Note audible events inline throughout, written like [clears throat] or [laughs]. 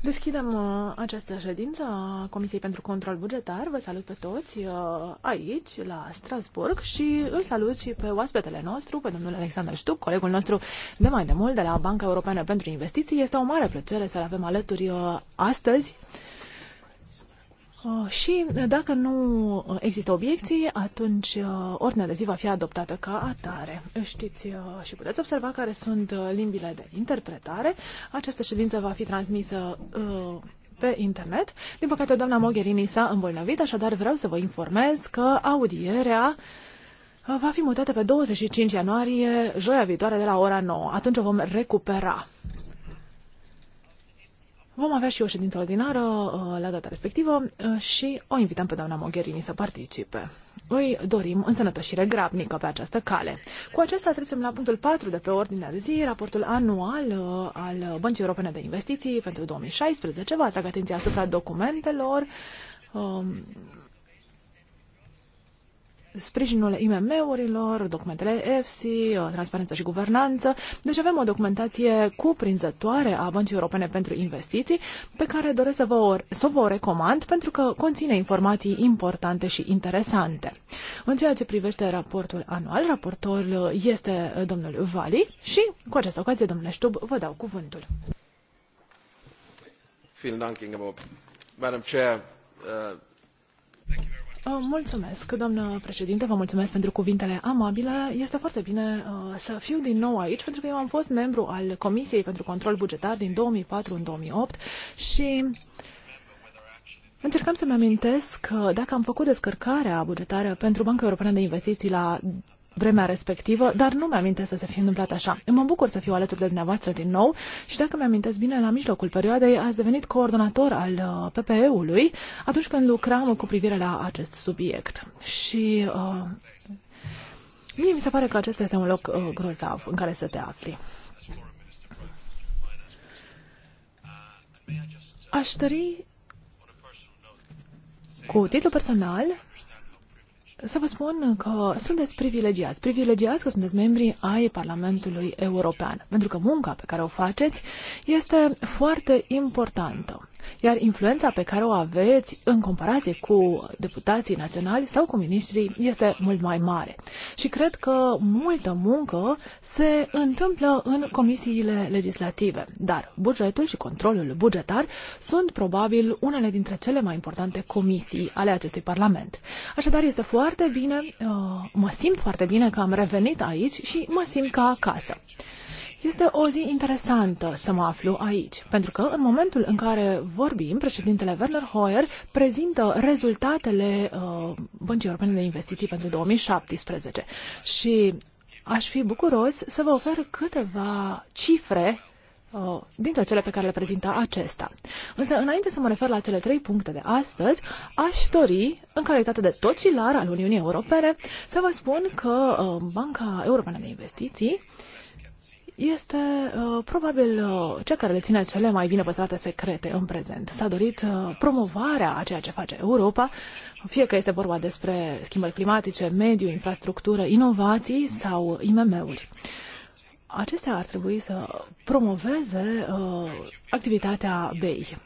Deschidem uh, această ședință a Comisiei pentru Control Bugetar. Vă salut pe toți uh, aici, la Strasbourg și îl salut și pe oaspetele nostru, pe domnul Alexander Stup, colegul nostru de mai demult de la Banca Europeană pentru Investiții. Este o mare plăcere să-l avem alături uh, astăzi. Uh, Uh, și uh, dacă nu uh, există obiecții, atunci ordinea de zi va fi adoptată ca atare. Știți și puteți observa care sunt limbile de interpretare. Această ședință va fi transmisă pe internet. Din păcate, doamna Mogherini s-a îmbolnăvit, așadar vreau să vă informez că audierea va fi mutată pe 25 ianuarie, joia viitoare, de la ora 9. Atunci o vom recupera. Vom avea și o ședință ordinară uh, la data respectivă uh, și o invităm pe doamna Mogherini să participe. Îi dorim însănătoșire grabnică pe această cale. Cu acesta trecem la punctul 4 de pe ordinea de zi, raportul anual uh, al Băncii Europene de Investiții pentru 2016. Vă atrag atenția asupra documentelor um, sprijinul IMM-urilor, documentele EFSI, uh, transparență și guvernanță. Deci avem o documentație cuprinzătoare a Băncii Europene pentru Investiții pe care doresc să vă, să vă o recomand pentru că conține informații importante și interesante. În ceea ce privește raportul anual, raportorul uh, este uh, domnul Vali și cu această ocazie, domnule Ștub, vă dau cuvântul. Vielen Dank, Ingeborg. Madam Chair, uh, thank you. Uh, mulțumesc, doamnă președinte, vă mulțumesc pentru cuvintele amabile. Este foarte bine uh, să fiu din nou aici, pentru că eu am fost membru al Comisiei pentru Control Bugetar din 2004 în 2008 și încercam să-mi amintesc uh, dacă am făcut descărcarea bugetară pentru Banca Europeană de Investiții la vremea respectivă, dar nu mi amintesc să se fi întâmplat așa. Mă bucur să fiu alături de dumneavoastră din nou și dacă mi-amintesc bine, la mijlocul perioadei ați devenit coordonator al uh, PPE-ului atunci când lucram cu privire la acest subiect. Și uh, mie mi se pare că acesta este un loc uh, grozav în care să te afli. Aș dori cu titlu personal să vă spun că sunteți privilegiați. Privilegiați că sunteți membri ai Parlamentului European, pentru că munca pe care o faceți este foarte importantă. Iar influența pe care o aveți în comparație cu deputații naționali sau cu ministrii este mult mai mare. Și cred că multă muncă se întâmplă în comisiile legislative, dar bugetul și controlul bugetar sunt probabil unele dintre cele mai importante comisii ale acestui Parlament. Așadar, este foarte bine, uh, mă simt foarte bine că am revenit aici și mă simt ca acasă. Este o zi interesantă să mă aflu aici, pentru că în momentul în care vorbim, președintele Werner Hoyer prezintă rezultatele uh, Băncii Europene de Investiții pentru 2017 și aș fi bucuros să vă ofer câteva cifre uh, dintre cele pe care le prezintă acesta. Însă, înainte să mă refer la cele trei puncte de astăzi, aș dori, în calitate de tocilar al Uniunii Europene, să vă spun că uh, Banca Europeană de Investiții uh, este uh, probabil uh, cea care le ține cele mai bine păstrate secrete în prezent. S-a dorit uh, promovarea a ceea ce face Europa, fie că este vorba despre schimbări climatice, mediu, infrastructură, inovații sau IMM-uri. Acestea ar trebui să promoveze uh, activitatea BEI.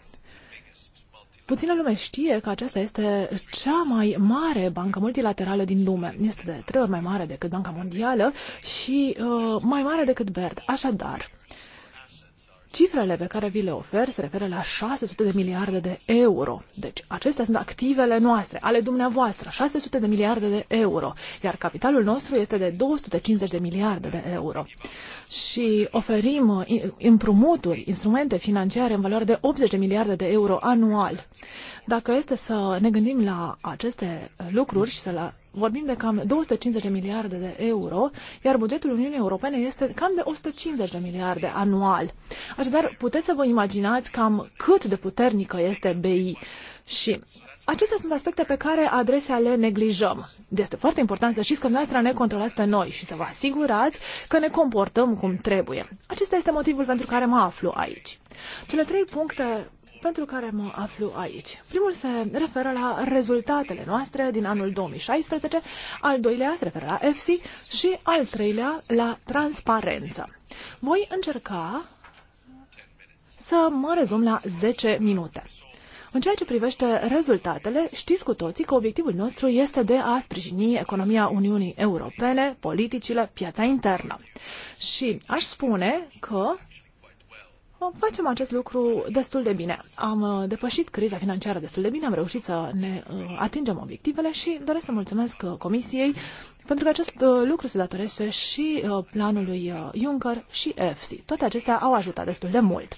Puțină lume știe că aceasta este cea mai mare bancă multilaterală din lume. Este de trei ori mai mare decât Banca Mondială și uh, mai mare decât BERD. Așadar, Cifrele pe care vi le ofer se referă la 600 de miliarde de euro. Deci acestea sunt activele noastre, ale dumneavoastră, 600 de miliarde de euro, iar capitalul nostru este de 250 de miliarde de euro. Și oferim uh, împrumuturi, instrumente financiare în valoare de 80 de miliarde de euro anual. Dacă este să ne gândim la aceste lucruri și să vorbim de cam 250 de miliarde de euro, iar bugetul Uniunii Europene este cam de 150 de miliarde anual. Așadar, puteți să vă imaginați cam cât de puternică este BI. Și Acestea sunt aspecte pe care adresea le neglijăm. Este foarte important să știți că noastră ne controlați pe noi și să vă asigurați că ne comportăm cum trebuie. Acesta este motivul pentru care mă aflu aici. Cele trei puncte pentru care mă aflu aici. Primul se referă la rezultatele noastre din anul 2016, al doilea se referă la EFSI și al treilea la transparență. Voi încerca să mă rezum la 10 minute. În ceea ce privește rezultatele, știți cu toții că obiectivul nostru este de a sprijini economia Uniunii Europene, politicile, piața internă. Și aș spune că facem acest lucru destul de bine. Am uh, depășit criza financiară destul de bine, am reușit să ne uh, atingem obiectivele și doresc să mulțumesc uh, Comisiei pentru că acest uh, lucru se datorește și uh, planului uh, Juncker și EFSI. Toate acestea au ajutat destul de mult.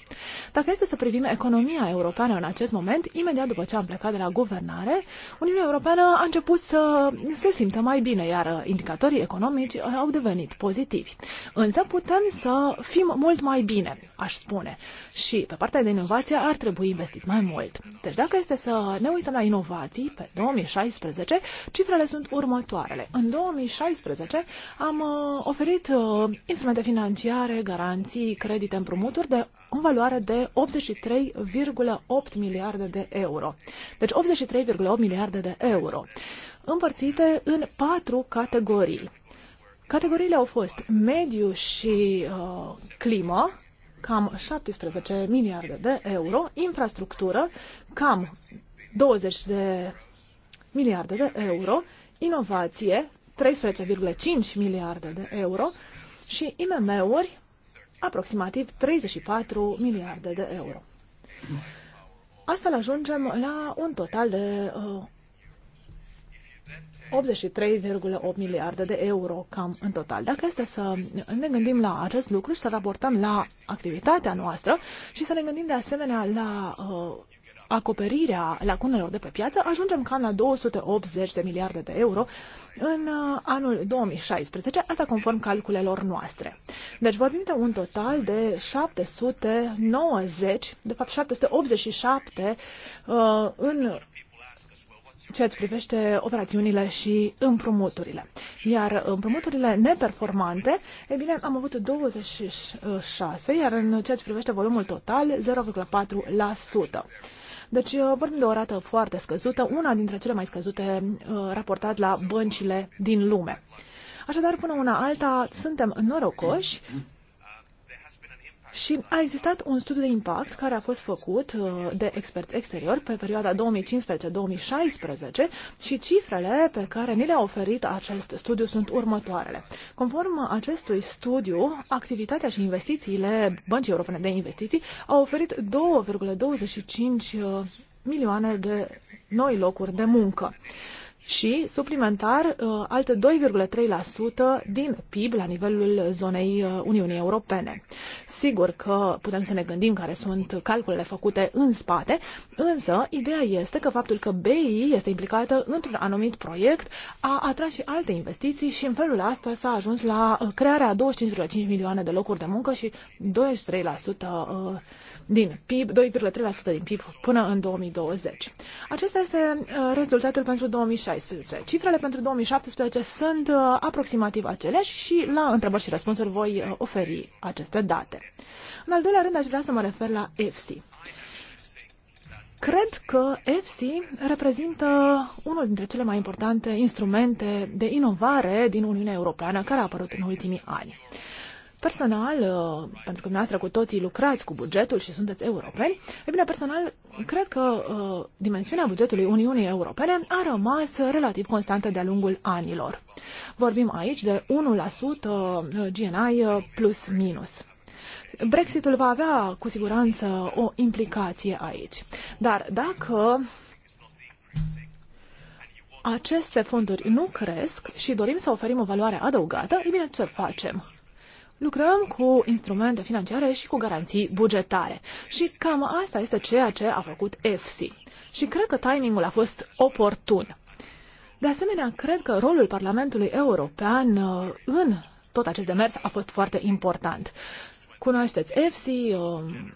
Dacă este să privim economia europeană în acest moment, imediat după ce am plecat de la guvernare, Uniunea Europeană a început să se simtă mai bine, iar uh, indicatorii economici uh, au devenit pozitivi. Însă putem să fim mult mai bine, aș spune. Și pe partea de inovație ar trebui investit mai mult. Deci dacă este să ne uităm la inovații pe 2016, cifrele sunt următoarele. În 2016, 2016 am uh, oferit uh, instrumente financiare, garanții, credite împrumuturi de în valoare de 83,8 miliarde de euro. Deci 83,8 miliarde de euro, împărțite în patru categorii. Categoriile au fost mediu și uh, climă, cam 17 miliarde de euro, infrastructură, cam 20 de miliarde de euro, inovație, 13,5 miliarde de euro și IMM-uri aproximativ 34 miliarde de euro. Astfel ajungem la un total de uh, 83,8 miliarde de euro cam în total. Dacă este să ne gândim la acest lucru și să raportăm la activitatea noastră și să ne gândim de asemenea la uh, acoperirea lacunelor de pe piață, ajungem cam la 280 de miliarde de euro în uh, anul 2016, asta conform calculelor noastre. Deci vorbim de un total de 790, de fapt 787 uh, în ceea ce privește operațiunile și împrumuturile. Iar împrumuturile neperformante, e bine, am avut 26, uh, iar în ceea ce privește volumul total, 0,4%. Deci uh, vorbim de o rată foarte scăzută, una dintre cele mai scăzute uh, raportat la băncile din lume. Așadar, până una alta, suntem norocoși și a existat un studiu de impact care a fost făcut uh, de experți exteriori pe perioada 2015-2016 și cifrele pe care ni le-a oferit acest studiu sunt următoarele. Conform acestui studiu, activitatea și investițiile Băncii Europene de Investiții au oferit 2,25 uh, milioane de noi locuri de muncă și, suplimentar, uh, alte 2,3% din PIB la nivelul zonei Uniunii Europene. Sigur că putem să ne gândim care sunt calculele făcute în spate, însă ideea este că faptul că BI este implicată într-un anumit proiect a atras și alte investiții și în felul ăsta s-a ajuns la uh, crearea 25,5 milioane de locuri de muncă și 23% din PIB, 2,3% din PIB până în 2020. Acesta este uh, rezultatul pentru 2016. Cifrele pentru 2017 sunt uh, aproximativ aceleași și la întrebări și răspunsuri voi uh, oferi aceste date. În al doilea rând, aș vrea să mă refer la EFSI. Cred că EFSI reprezintă unul dintre cele mai importante instrumente de inovare din Uniunea Europeană care a apărut în ultimii ani. Personal, uh, pentru că dumneavoastră cu toții lucrați cu bugetul și sunteți europeni, e bine, personal, cred că uh, dimensiunea bugetului Uniunii Europene a rămas relativ constantă de-a lungul anilor. Vorbim aici de 1% uh, GNI plus minus. Brexitul va avea cu siguranță o implicație aici. Dar dacă aceste fonduri nu cresc și dorim să oferim o valoare adăugată, e bine, ce facem? lucrăm cu instrumente financiare și cu garanții bugetare. Și cam asta este ceea ce a făcut EFSI. Și cred că timingul a fost oportun. De asemenea, cred că rolul Parlamentului European uh, în tot acest demers a fost foarte important. Cunoașteți EFSI, um,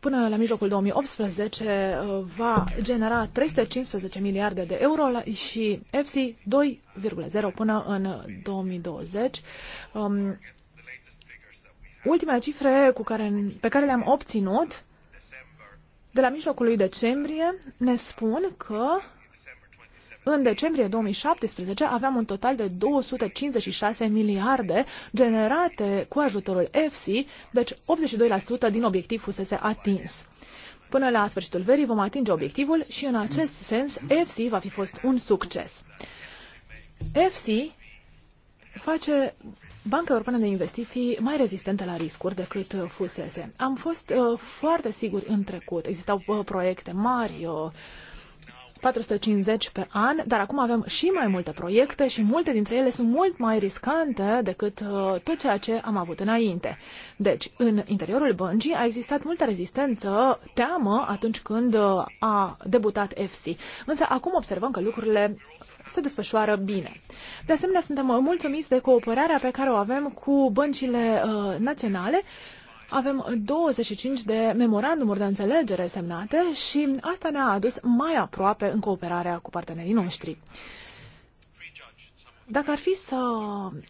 până la mijlocul 2018 uh, va genera 315 miliarde de euro și EFSI 2,0 până în 2020. Ultimele cifre cu care, pe care le-am obținut de la mijlocul lui decembrie ne spun că în decembrie 2017 aveam un total de 256 miliarde generate cu ajutorul EFSI, deci 82% din obiectiv fusese atins. Până la sfârșitul verii vom atinge obiectivul și în acest sens EFSI va fi fost un succes. EFSI face Banca Europeană de Investiții mai rezistentă la riscuri decât uh, fusese. Am fost uh, foarte siguri în trecut. Existau uh, proiecte mari, uh, 450 pe an, dar acum avem și mai multe proiecte și multe dintre ele sunt mult mai riscante decât uh, tot ceea ce am avut înainte. Deci, în interiorul băncii a existat multă rezistență, teamă atunci când uh, a debutat FC. Însă acum observăm că lucrurile se desfășoară bine. De asemenea, suntem mulțumiți de cooperarea pe care o avem cu băncile uh, naționale avem 25 de memorandumuri de înțelegere semnate și asta ne-a adus mai aproape în cooperarea cu partenerii noștri. Dacă ar fi să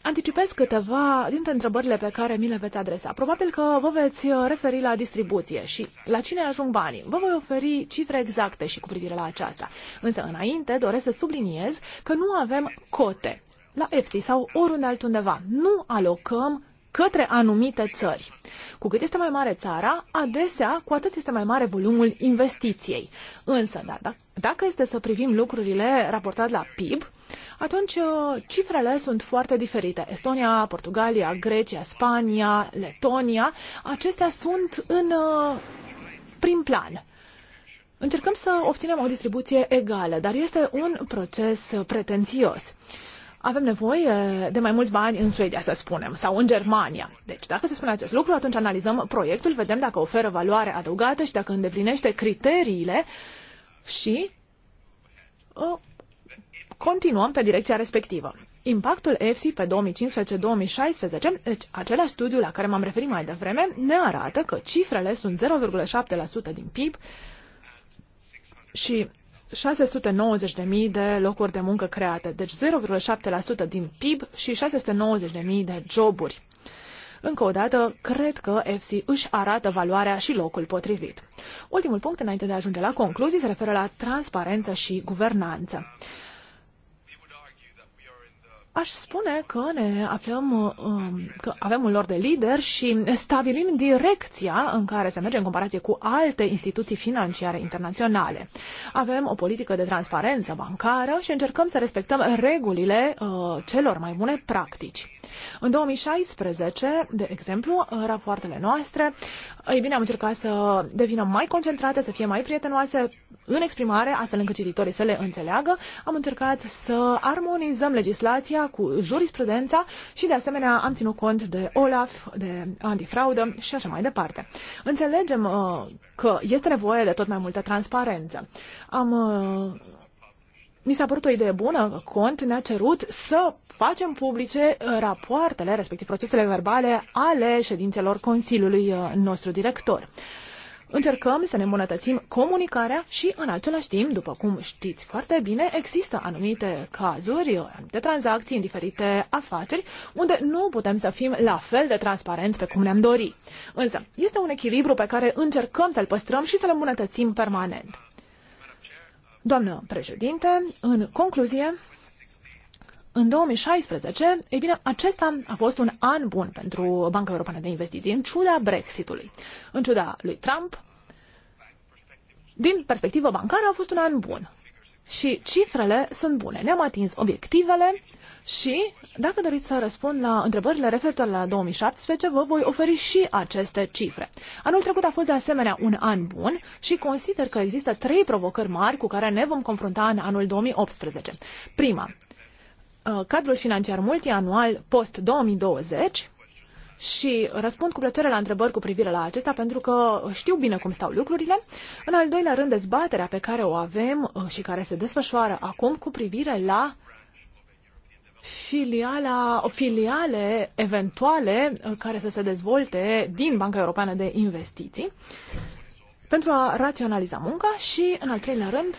anticipez câteva dintre întrebările pe care mi le veți adresa, probabil că vă veți uh, referi la distribuție și la cine ajung banii. Vă voi oferi cifre exacte și cu privire la aceasta. Însă, înainte, doresc să subliniez că nu avem cote la EFSI sau oriunde altundeva. Nu alocăm către anumite țări. Cu cât este mai mare țara, adesea cu atât este mai mare volumul investiției. Însă, da, dacă este să privim lucrurile raportat la PIB, atunci uh, cifrele sunt foarte diferite. Estonia, Portugalia, Grecia, Spania, Letonia, acestea sunt în uh, prim plan. Încercăm să obținem o distribuție egală, dar este un proces pretențios avem nevoie eh, de mai mulți bani în Suedia, să spunem, sau în Germania. Deci, dacă se spune acest lucru, atunci analizăm proiectul, vedem dacă oferă valoare adăugată și dacă îndeplinește criteriile și continuăm pe direcția respectivă. Impactul EFSI pe 2015-2016, deci același studiu la care m-am referit mai devreme, ne arată că cifrele sunt 0,7% din PIB și 690.000 de locuri de muncă create, deci 0,7% din PIB și 690.000 de joburi. Încă o dată, cred că FC își arată valoarea și locul potrivit. Ultimul punct, înainte de a ajunge la concluzii, se referă la transparență și guvernanță aș spune că ne aflăm, um, că avem un lor de lider și stabilim direcția în care se merge în comparație cu alte instituții financiare internaționale. Avem o politică de transparență bancară și încercăm să respectăm regulile uh, celor mai bune practici. În 2016, de exemplu, rapoartele noastre, ei bine, am încercat să devină mai concentrate, să fie mai prietenoase în exprimare, astfel încât cititorii să le înțeleagă. Am încercat să armonizăm legislația cu jurisprudența și, de asemenea, am ținut cont de OLAF, de antifraudă și așa mai departe. Înțelegem uh, că este nevoie de tot mai multă transparență. Am uh, mi s-a părut o idee bună, Cont ne-a cerut să facem publice uh, rapoartele, respectiv procesele verbale, ale ședințelor Consiliului uh, nostru director. Încercăm să ne îmbunătățim comunicarea și, în același timp, după cum știți foarte bine, există anumite cazuri, uh, anumite tranzacții în diferite afaceri, unde nu putem să fim la fel de transparenți pe cum ne-am dori. Însă, este un echilibru pe care încercăm să-l păstrăm și să-l îmbunătățim permanent. Doamnă președinte, în concluzie, în 2016, ei bine, acesta a fost un an bun pentru Banca Europeană de Investiții, în ciuda Brexitului, în ciuda lui Trump. Din perspectivă bancară a fost un an bun și cifrele sunt bune. Ne-am atins obiectivele și, dacă doriți să răspund la întrebările referitoare la 2017, vă voi oferi și aceste cifre. Anul trecut a fost de asemenea un an bun și consider că există trei provocări mari cu care ne vom confrunta în anul 2018. Prima, uh, cadrul financiar multianual post-2020, și răspund cu plăcere la întrebări cu privire la acesta pentru că știu bine cum stau lucrurile. În al doilea rând, dezbaterea pe care o avem uh, și care se desfășoară acum cu privire la filiala, filiale eventuale uh, care să se dezvolte din Banca Europeană de Investiții pentru a raționaliza munca și, în al treilea rând,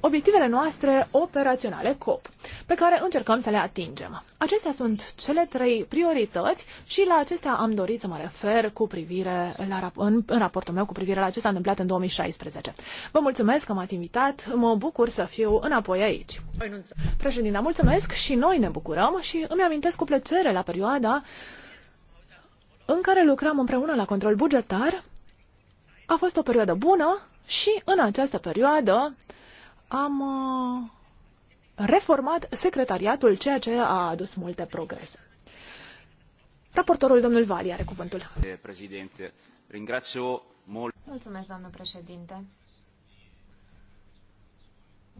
obiectivele noastre operaționale COP, pe care încercăm să le atingem. Acestea sunt cele trei priorități și la acestea am dorit să mă refer cu privire la, în, în raportul meu cu privire la ce s-a întâmplat în 2016. Vă mulțumesc că m-ați invitat, mă bucur să fiu înapoi aici. Președinte, mulțumesc și noi ne bucurăm și îmi amintesc cu plăcere la perioada în care lucram împreună la control bugetar. A fost o perioadă bună și în această perioadă am uh, reformat secretariatul, ceea ce a adus multe progrese. Raportorul domnul Vali are cuvântul. Președinte, Mulțumesc, doamnă președinte.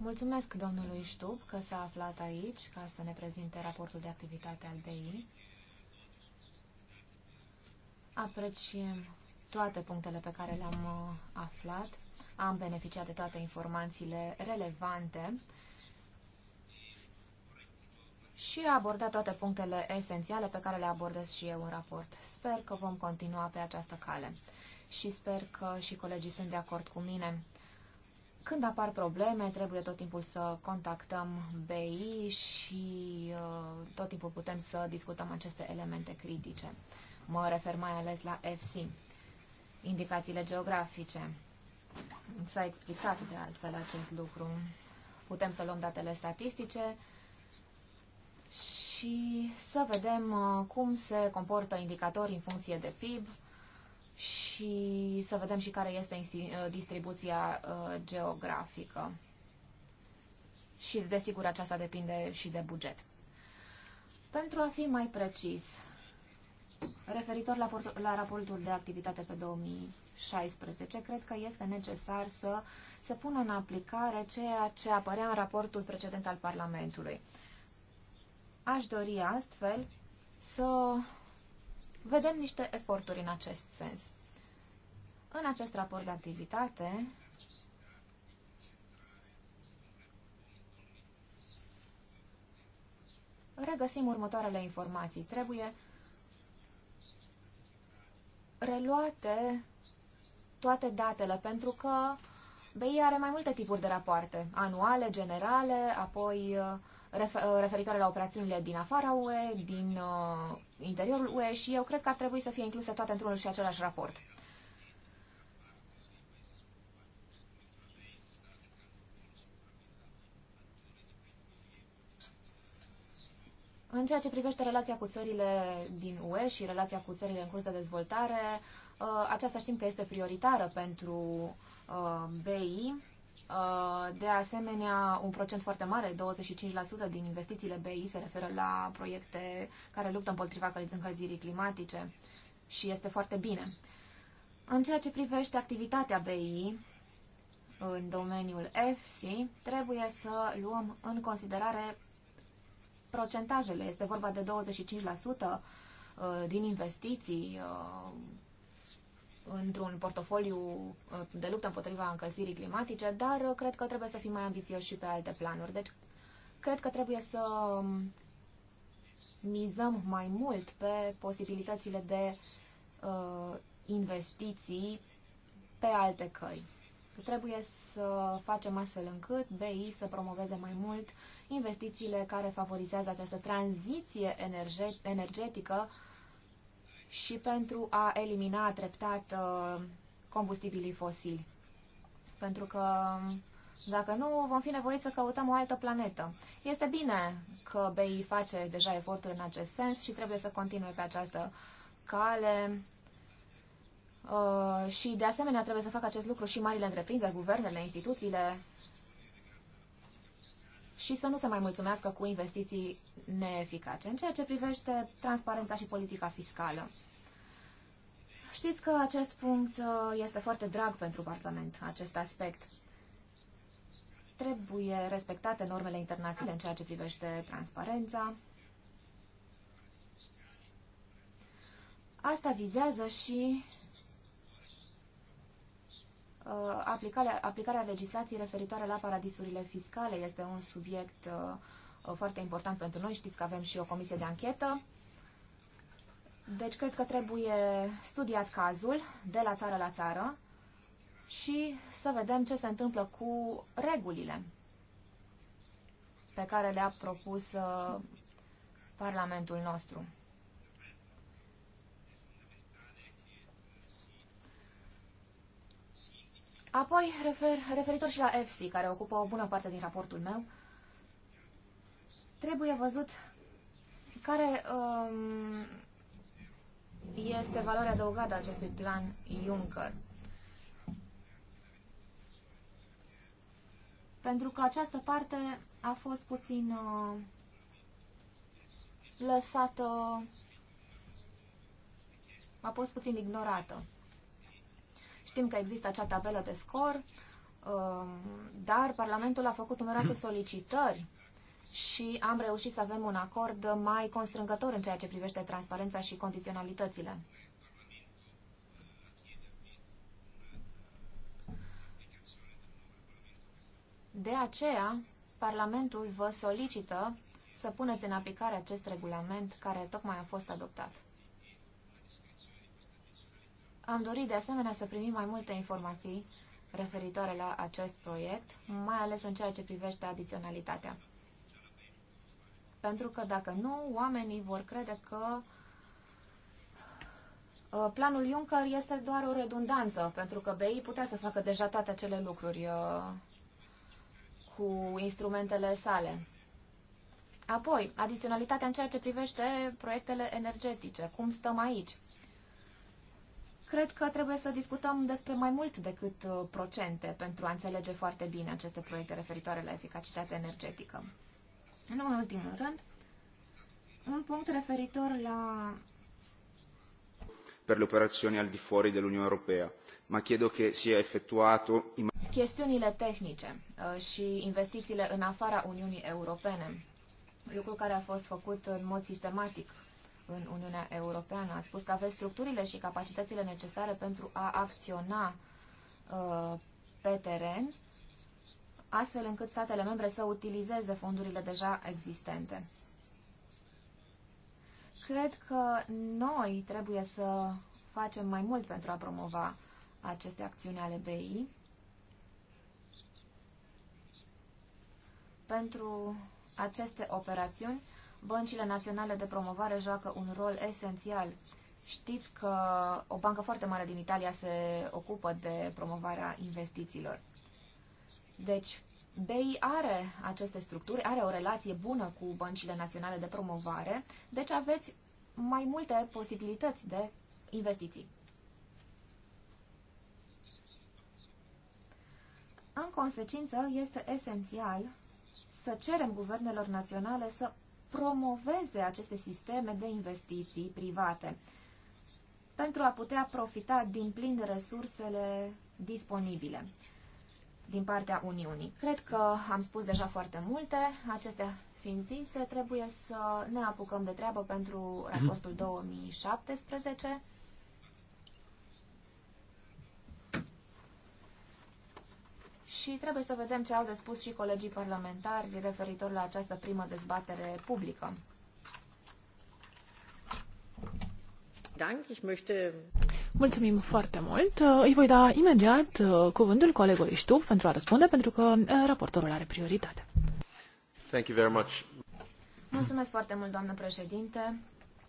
Mulțumesc domnului Ștub că s-a aflat aici ca să ne prezinte raportul de activitate al DEI. Apreciem toate punctele pe care le-am uh, aflat am beneficiat de toate informațiile relevante și a abordat toate punctele esențiale pe care le abordez și eu în raport. Sper că vom continua pe această cale și sper că și colegii sunt de acord cu mine. Când apar probleme, trebuie tot timpul să contactăm BI și uh, tot timpul putem să discutăm aceste elemente critice. Mă refer mai ales la FC, indicațiile geografice, S-a explicat de altfel acest lucru. Putem să luăm datele statistice și să vedem uh, cum se comportă indicatorii în funcție de PIB și să vedem și care este uh, distribuția uh, geografică. Și, desigur, aceasta depinde și de buget. Pentru a fi mai precis, Referitor la, la raportul de activitate pe 2016, cred că este necesar să se pună în aplicare ceea ce apărea în raportul precedent al Parlamentului. Aș dori astfel să vedem niște eforturi în acest sens. În acest raport de activitate regăsim următoarele informații. Trebuie reluate toate datele, pentru că BI are mai multe tipuri de rapoarte, anuale, generale, apoi uh, uh, referitoare la operațiunile din afara UE, din uh, interiorul UE și eu cred că ar trebui să fie incluse toate într-unul și același raport. În ceea ce privește relația cu țările din UE și relația cu țările în curs de dezvoltare, uh, aceasta știm că este prioritară pentru uh, BI. Uh, de asemenea, un procent foarte mare, 25% din investițiile BI se referă la proiecte care luptă împotriva încălzirii climatice și este foarte bine. În ceea ce privește activitatea BI în domeniul EFSI, trebuie să luăm în considerare procentajele. Este vorba de 25% uh, din investiții uh, într-un portofoliu uh, de luptă împotriva încălzirii climatice, dar cred că trebuie să fim mai ambițioși și pe alte planuri. Deci, cred că trebuie să um, mizăm mai mult pe posibilitățile de uh, investiții pe alte căi. Trebuie să facem astfel încât BI să promoveze mai mult investițiile care favorizează această tranziție energetică și pentru a elimina treptat uh, combustibilii fosili. Pentru că dacă nu, vom fi nevoiți să căutăm o altă planetă. Este bine că BI face deja eforturi în acest sens și trebuie să continue pe această cale Uh, și de asemenea trebuie să facă acest lucru și marile întreprinderi, guvernele, instituțiile și să nu se mai mulțumească cu investiții neeficace în ceea ce privește transparența și politica fiscală. Știți că acest punct uh, este foarte drag pentru Parlament, acest aspect. Trebuie respectate normele internaționale în ceea ce privește transparența. Asta vizează și Uh, aplicarea, aplicarea legislației referitoare la paradisurile fiscale este un subiect uh, uh, foarte important pentru noi. Știți că avem și o comisie de anchetă. Deci cred că trebuie studiat cazul de la țară la țară și să vedem ce se întâmplă cu regulile pe care le-a propus Parlamentul nostru. Apoi, refer, referitor și la EFSI, care ocupă o bună parte din raportul meu, trebuie văzut care um, este valoarea adăugată a acestui plan Juncker. Pentru că această parte a fost puțin uh, lăsată, a fost puțin ignorată. Știm că există acea tabelă de scor, um, dar Parlamentul a făcut numeroase solicitări și am reușit să avem un acord mai constrângător în ceea ce privește transparența și condiționalitățile. De aceea, Parlamentul vă solicită să puneți în aplicare acest regulament care tocmai a fost adoptat. Am dorit de asemenea să primim mai multe informații referitoare la acest proiect, mai ales în ceea ce privește adiționalitatea. Pentru că dacă nu, oamenii vor crede că uh, planul Juncker este doar o redundanță, pentru că BI putea să facă deja toate acele lucruri uh, cu instrumentele sale. Apoi, adiționalitatea în ceea ce privește proiectele energetice. Cum stăm aici? Cred că trebuie să discutăm despre mai mult decât uh, procente pentru a înțelege foarte bine aceste proiecte referitoare la eficacitate energetică. Nu în ultimul rând, un punct referitor la per le operazioni al di fuori dell'Unione Europea, ma chiedo che sia effettuato in chestiunile tehnice uh, și investițiile în afara Uniunii Europene, lucru care a fost făcut în mod sistematic în Uniunea Europeană. A spus că aveți structurile și capacitățile necesare pentru a acționa uh, pe teren, astfel încât statele membre să utilizeze fondurile deja existente. Cred că noi trebuie să facem mai mult pentru a promova aceste acțiuni ale BI, pentru aceste operațiuni Băncile naționale de promovare joacă un rol esențial. Știți că o bancă foarte mare din Italia se ocupă de promovarea investițiilor. Deci, BEI are aceste structuri, are o relație bună cu băncile naționale de promovare, deci aveți mai multe posibilități de investiții. În consecință, este esențial să cerem guvernelor naționale să promoveze aceste sisteme de investiții private pentru a putea profita din plin de resursele disponibile din partea Uniunii. Cred că am spus deja foarte multe. Acestea fiind zise, trebuie să ne apucăm de treabă pentru raportul 2017 mhm. și trebuie să vedem ce au de spus și colegii parlamentari referitor la această primă dezbatere publică. Mulțumim foarte mult. Îi voi da imediat uh, cuvântul colegului Ștub pentru a răspunde, pentru că uh, raportorul are prioritate. Thank you very much. Mulțumesc foarte mult, doamnă președinte.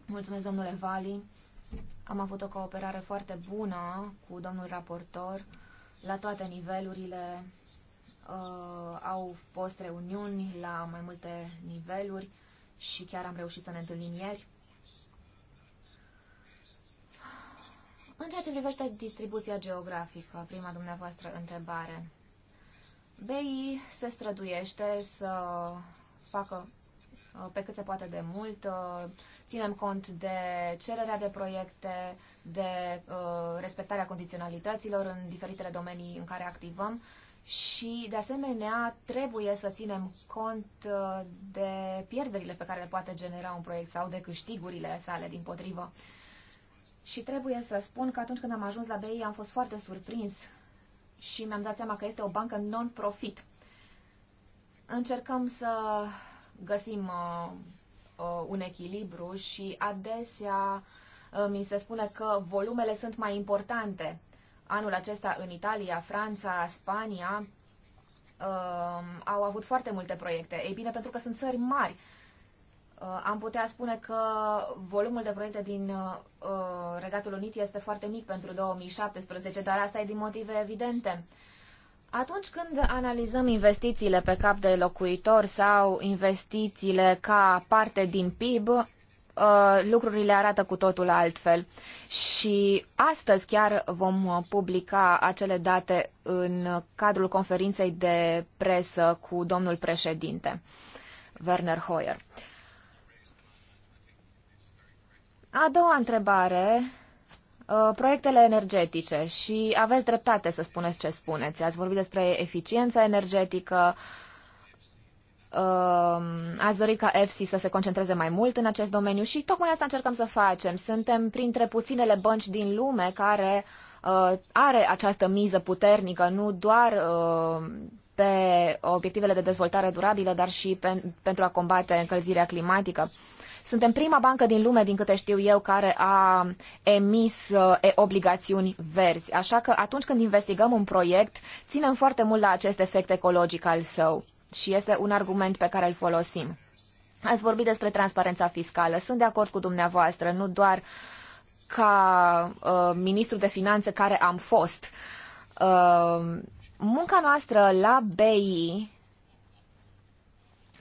Mulțumesc, domnule Vali. Am avut o cooperare foarte bună cu domnul raportor la toate nivelurile. Uh, au fost reuniuni la mai multe niveluri și chiar am reușit să ne întâlnim ieri. În ceea ce privește distribuția geografică, prima dumneavoastră întrebare, BI se străduiește să facă Uh, pe cât se poate de mult, uh, ținem cont de cererea de proiecte, de uh, respectarea condiționalităților în diferitele domenii în care activăm și, de asemenea, trebuie să ținem cont de pierderile pe care le poate genera un proiect sau de câștigurile sale, din potrivă. Și trebuie să spun că atunci când am ajuns la BI am fost foarte surprins și mi-am dat seama că este o bancă non-profit. Încercăm să găsim uh, uh, un echilibru și adesea uh, mi se spune că volumele sunt mai importante. Anul acesta în Italia, Franța, Spania uh, au avut foarte multe proiecte. Ei bine, pentru că sunt țări mari, uh, am putea spune că volumul de proiecte din uh, uh Regatul Unit este foarte mic pentru 2017, dar asta e din motive evidente. Uh, atunci când analizăm investițiile pe cap de locuitor sau investițiile ca parte din PIB, uh, lucrurile arată cu totul altfel. Și astăzi chiar vom publica acele date în cadrul conferinței de presă cu domnul președinte, Werner Hoyer. A doua întrebare Uh, proiectele energetice și aveți dreptate să spuneți ce spuneți. Ați vorbit despre eficiența energetică, um, ați dorit ca EFSI să se concentreze mai mult în acest domeniu și tocmai asta încercăm să facem. Suntem printre puținele bănci din lume care uh, are această miză puternică, nu doar uh, pe obiectivele de dezvoltare durabilă, dar și pe, pentru a combate încălzirea climatică. Uh, suntem prima bancă din lume, din câte știu eu, care a emis uh, obligațiuni verzi. Așa că atunci când investigăm un proiect, ținem foarte mult la acest efect ecologic al său și este un argument pe care îl folosim. Ați vorbit despre transparența fiscală. Sunt de acord cu dumneavoastră, nu doar ca uh, ministru de finanțe care am fost. Uh, munca noastră la BI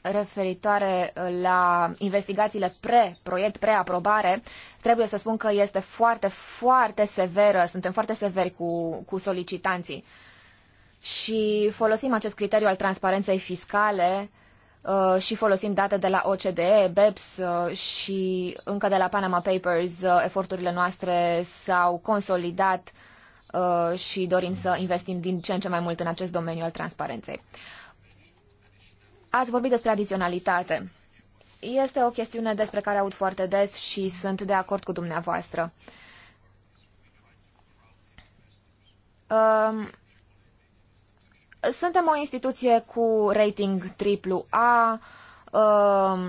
referitoare uh, la investigațiile pre-proiect, pre-aprobare, trebuie să spun că este foarte, foarte severă, suntem foarte severi cu, cu solicitanții. Și folosim acest criteriu al transparenței fiscale uh, și folosim date de la OCDE, BEPS uh, și încă de la Panama Papers. eforturile noastre s-au consolidat și dorim să investim din ce în ce mai mult în acest domeniu al transparenței. Ați vorbit despre adiționalitate. Este o chestiune despre care aud foarte des și sunt de acord cu dumneavoastră. Um, suntem o instituție cu rating AAA, um,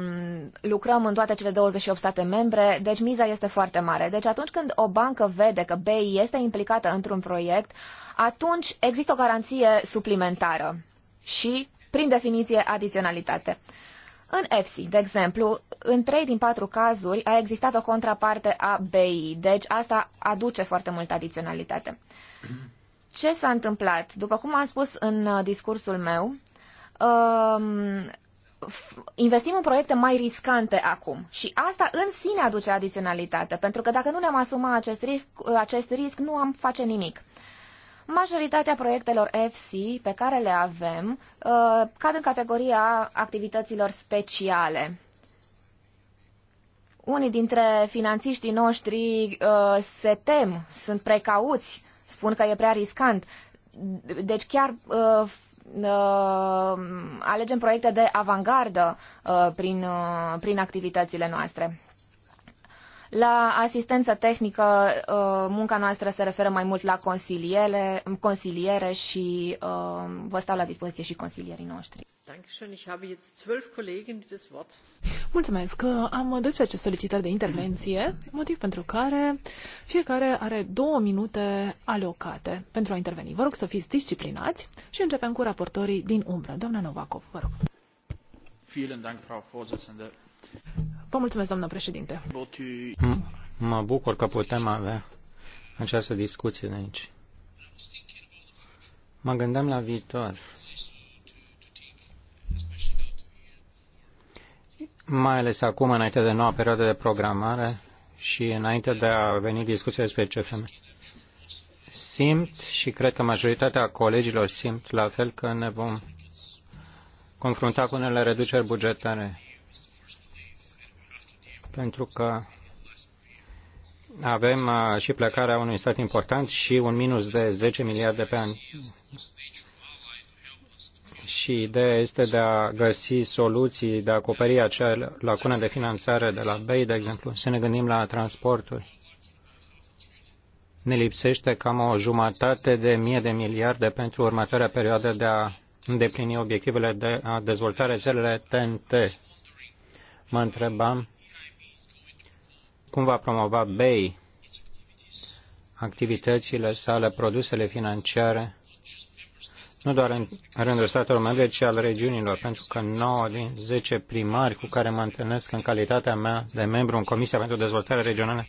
lucrăm în toate cele 28 state membre, deci miza este foarte mare. Deci atunci când o bancă vede că BEI este implicată într-un proiect, atunci există o garanție suplimentară și prin definiție, adiționalitate. În EFSI, de exemplu, în 3 din 4 cazuri a existat o contraparte a BI, deci asta aduce foarte multă adiționalitate. Ce s-a întâmplat? După cum am spus în uh, discursul meu, um, investim în proiecte mai riscante acum și asta în sine aduce adiționalitate, pentru că dacă nu ne-am asumat acest risc, uh, acest risc nu am face nimic. Majoritatea proiectelor FC pe care le avem uh, cad în categoria activităților speciale. Unii dintre finanțiștii noștri uh, se tem, sunt precauți, spun că e prea riscant. Deci chiar uh, alegem proiecte de avangardă prin, prin activitățile noastre. La asistență tehnică, uh, munca noastră se referă mai mult la consiliere, consiliere și uh, vă stau la dispoziție și consilierii noștri. Mulțumesc. Am 12 solicitări de intervenție, motiv pentru care fiecare are două minute alocate pentru a interveni. Vă rog să fiți disciplinați și începem cu raportorii din umbră. Doamna Novakov, vă rog. Vă mulțumesc, doamnă președinte. Mă bucur că putem avea această discuție de aici. Mă gândeam la viitor. Mai ales acum, înainte de noua perioadă de programare și înainte de a veni discuția despre CFM. Simt și cred că majoritatea colegilor simt la fel că ne vom confrunta cu unele reduceri bugetare pentru că avem uh, și plecarea unui stat important și un minus de 10 miliarde pe an. Și ideea este de a găsi soluții, de a acoperi acea lacună de finanțare de la BEI, de exemplu, să ne gândim la transporturi. Ne lipsește cam o jumătate de mie de miliarde pentru următoarea perioadă de a îndeplini obiectivele de a dezvoltare rețelele TNT. Mă întrebam cum va promova BEI activitățile sale, produsele financiare, nu doar în rândul statelor membre, ci al regiunilor, pentru că 9 din 10 primari cu care mă întâlnesc în calitatea mea de membru în Comisia pentru Dezvoltare Regională,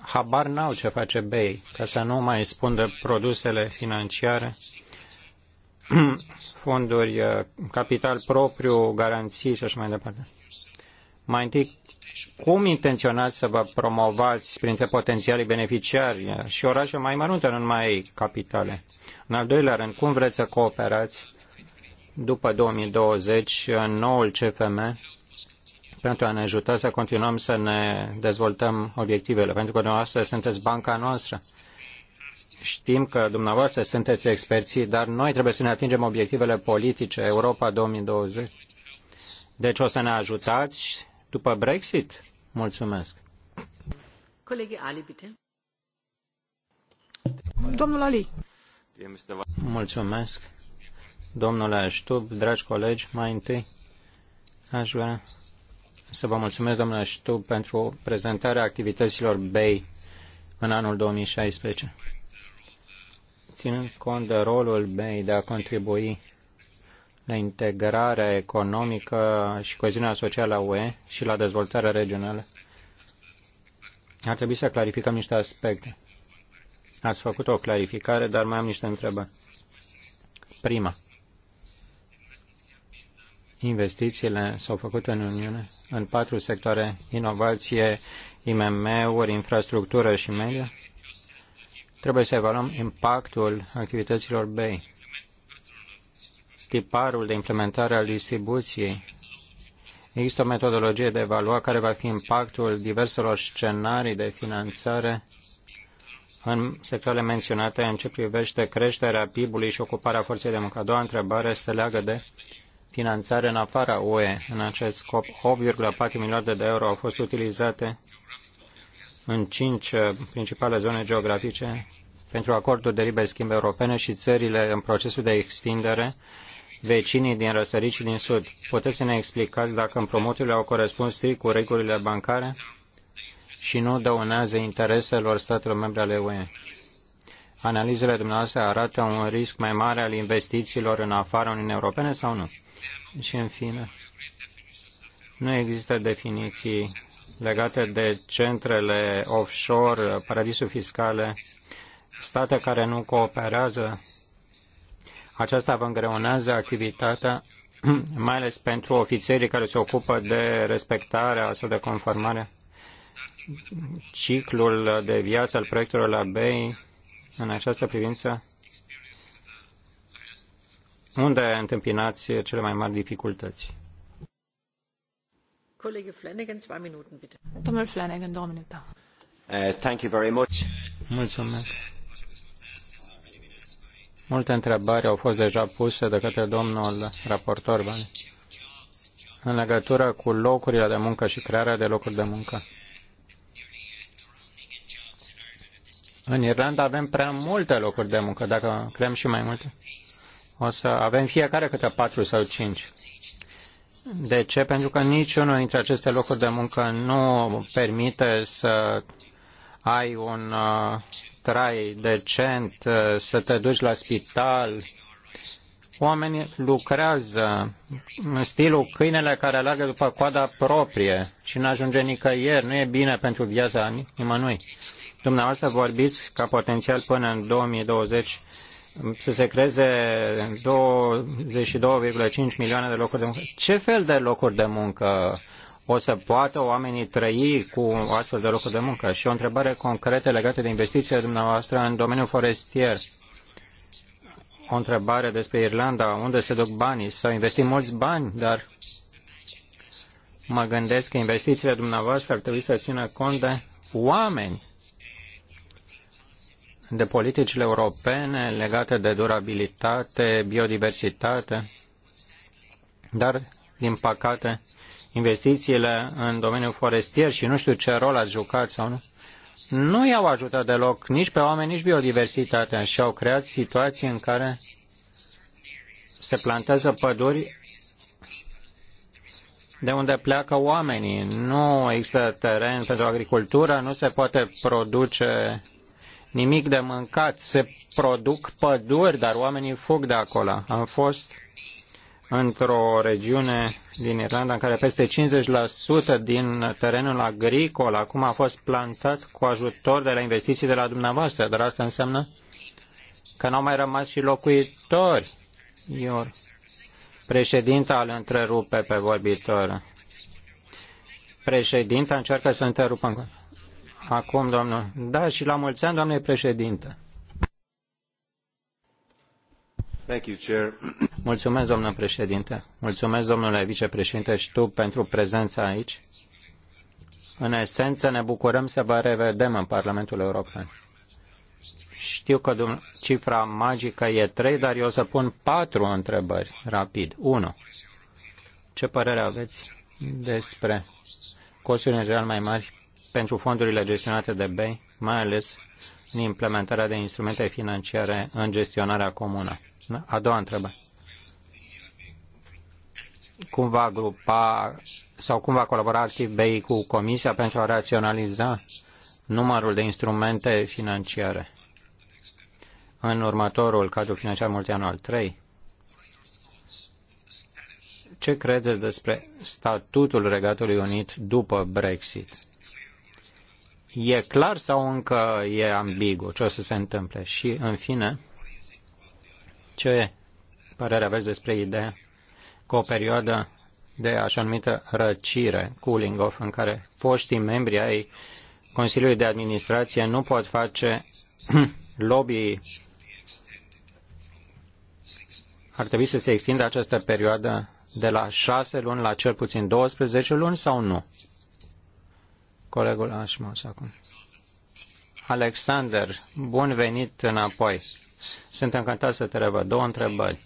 habar n-au ce face BEI, ca să nu mai spun de produsele financiare, [clears throat] fonduri, eh, capital propriu, garanții și așa mai departe. Mai întâi cum intenționați să vă promovați printre potențialii beneficiari și orașe mai mărunte, nu numai capitale? În al doilea rând, cum vreți să cooperați după 2020 în noul CFM pentru a ne ajuta să continuăm să ne dezvoltăm obiectivele? Pentru că dumneavoastră sunteți banca noastră. Știm că dumneavoastră sunteți experții, dar noi trebuie să ne atingem obiectivele politice Europa 2020. Deci o să ne ajutați după Brexit? Mulțumesc. Colegii Ali, bine. Domnul Ali. Mulțumesc. Domnule Ștub, dragi colegi, mai întâi aș vrea să vă mulțumesc, domnule Ștub, pentru prezentarea activităților BEI în anul 2016. Ținând cont de rolul BEI de a contribui la integrarea economică și coeziunea socială a UE și la dezvoltarea regională. Ar trebui să clarificăm niște aspecte. Ați făcut o clarificare, dar mai am niște întrebări. Prima. Investițiile s-au făcut în Uniune în patru sectoare, inovație, IMM-uri, infrastructură și media. Trebuie să evaluăm impactul activităților BEI tiparul de implementare al distribuției. Există o metodologie de evaluare care va fi impactul diverselor scenarii de finanțare în sectoarele menționate în ce privește creșterea PIB-ului și ocuparea forței de muncă. A doua întrebare se leagă de finanțare în afara UE. În acest scop, 8,4 miliarde de euro au fost utilizate în cinci uh, principale zone geografice pentru acordul de liber schimb europene și țările în procesul de extindere vecinii din răsărit și din sud. Puteți să ne explicați dacă împrumuturile au corespuns strict cu regulile bancare și nu dăunează intereselor statelor membre ale UE. Analizele dumneavoastră arată un risc mai mare al investițiilor în afara Uniunii Europene sau nu? Și în fine, nu există definiții legate de centrele offshore, paradisuri fiscale, state care nu cooperează aceasta vă îngreunează activitatea, [clears throat] mai ales pentru ofițerii care se ocupă de respectarea sau de conformarea ciclul de viață al proiectelor la BEI în această privință? Unde întâmpinați cele mai mari dificultăți? Domnul Flanagan, două minute. Uh, Mulțumesc. Multe întrebări au fost deja puse de către domnul raportor Bani în legătură cu locurile de muncă și crearea de locuri de muncă. În Irlanda avem prea multe locuri de muncă, dacă creăm și mai multe. O să avem fiecare câte patru sau cinci. De ce? Pentru că niciunul dintre aceste locuri de muncă nu permite să ai un uh, trai decent, uh, să te duci la spital. Oamenii lucrează în stilul câinele care alergă după coada proprie și nu ajunge nicăieri. Nu e bine pentru viața nimănui. Dumneavoastră vorbiți ca potențial până în 2020 să se creeze 22,5 milioane de locuri de muncă. Ce fel de locuri de muncă o să poată oamenii trăi cu astfel de locuri de muncă? Și o întrebare concretă legată de investițiile dumneavoastră în domeniul forestier. O întrebare despre Irlanda, unde se duc banii? S-au investit mulți bani, dar mă gândesc că investițiile dumneavoastră ar trebui să țină cont de oameni de politicile europene legate de durabilitate, biodiversitate, dar, din păcate, investițiile în domeniul forestier și nu știu ce rol ați jucat sau nu, nu i-au ajutat deloc nici pe oameni, nici biodiversitatea și au creat situații în care se plantează păduri de unde pleacă oamenii. Nu există teren pentru agricultură, nu se poate produce nimic de mâncat, se produc păduri, dar oamenii fug de acolo. Am fost într-o regiune din Irlanda în care peste 50% din terenul agricol acum a fost plantat cu ajutor de la investiții de la dumneavoastră, dar asta înseamnă că n-au mai rămas și locuitori. Ior. Președinta îl întrerupe pe vorbitor. Președinta încearcă să întrerupă. Acum, domnul. Da, și la mulți ani, președinte. Thank you, Chair. Mulțumesc, domnule președinte. Mulțumesc, domnule vicepreședinte, și tu pentru prezența aici. În esență, ne bucurăm să vă revedem în Parlamentul European. Știu că cifra magică e 3, dar eu o să pun patru întrebări rapid. 1. Ce părere aveți despre costurile în general mai mari pentru fondurile gestionate de BEI, mai ales în implementarea de instrumente financiare în gestionarea comună. Da? A doua întrebare. Cum va grupa sau cum va colabora activ BEI cu Comisia pentru a raționaliza numărul de instrumente financiare în următorul cadru financiar multianual 3? Ce credeți despre statutul Regatului Unit după Brexit? E clar sau încă e ambigu ce o să se întâmple? Și, în fine, ce părere aveți despre ideea cu o perioadă de așa numită răcire, cooling off, în care foștii membri ai Consiliului de Administrație nu pot face [clears throat] lobby. Ar trebui să se extindă această perioadă de la 6 luni la cel puțin 12 luni sau nu? colegul Ashmans acum. Alexander, bun venit înapoi. Sunt încântat să te revăd. Două întrebări.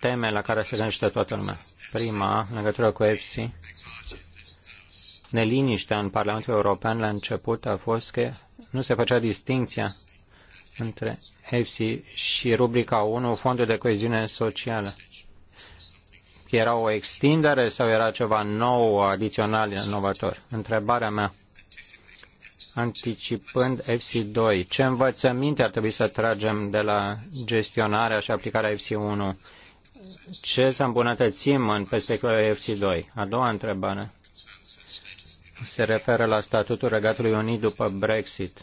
Teme la care se gândește toată lumea. Prima, în legătură cu EFSI, neliniștea în Parlamentul European la început a fost că nu se făcea distinția între EFSI și rubrica 1, Fondul de Coeziune Socială. Era o extindere sau era ceva nou, adițional, inovator? Întrebarea mea, anticipând FC2, ce învățăminte ar trebui să tragem de la gestionarea și aplicarea FC1? Ce să îmbunătățim în perspectiva FC2? A doua întrebare se referă la statutul Regatului Unit după Brexit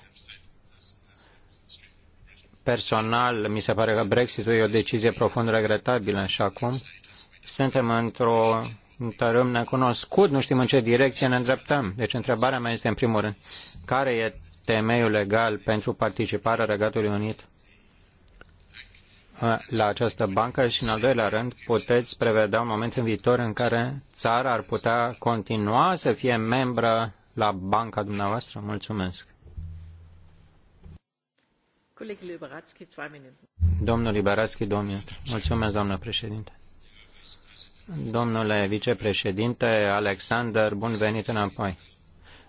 personal, mi se pare că Brexitul e o decizie profund regretabilă și acum suntem într-o un tărâm necunoscut, nu știm în ce direcție ne îndreptăm. Deci întrebarea mea este în primul rând, care e temeiul legal pentru participarea Regatului Unit uh, la această bancă și în al doilea rând puteți prevedea un moment în viitor în care țara ar putea continua să fie membră la banca dumneavoastră? Mulțumesc. Domnul Liberatski, două minute. Mulțumesc, doamnă președinte. Domnule vicepreședinte Alexander, bun venit înapoi.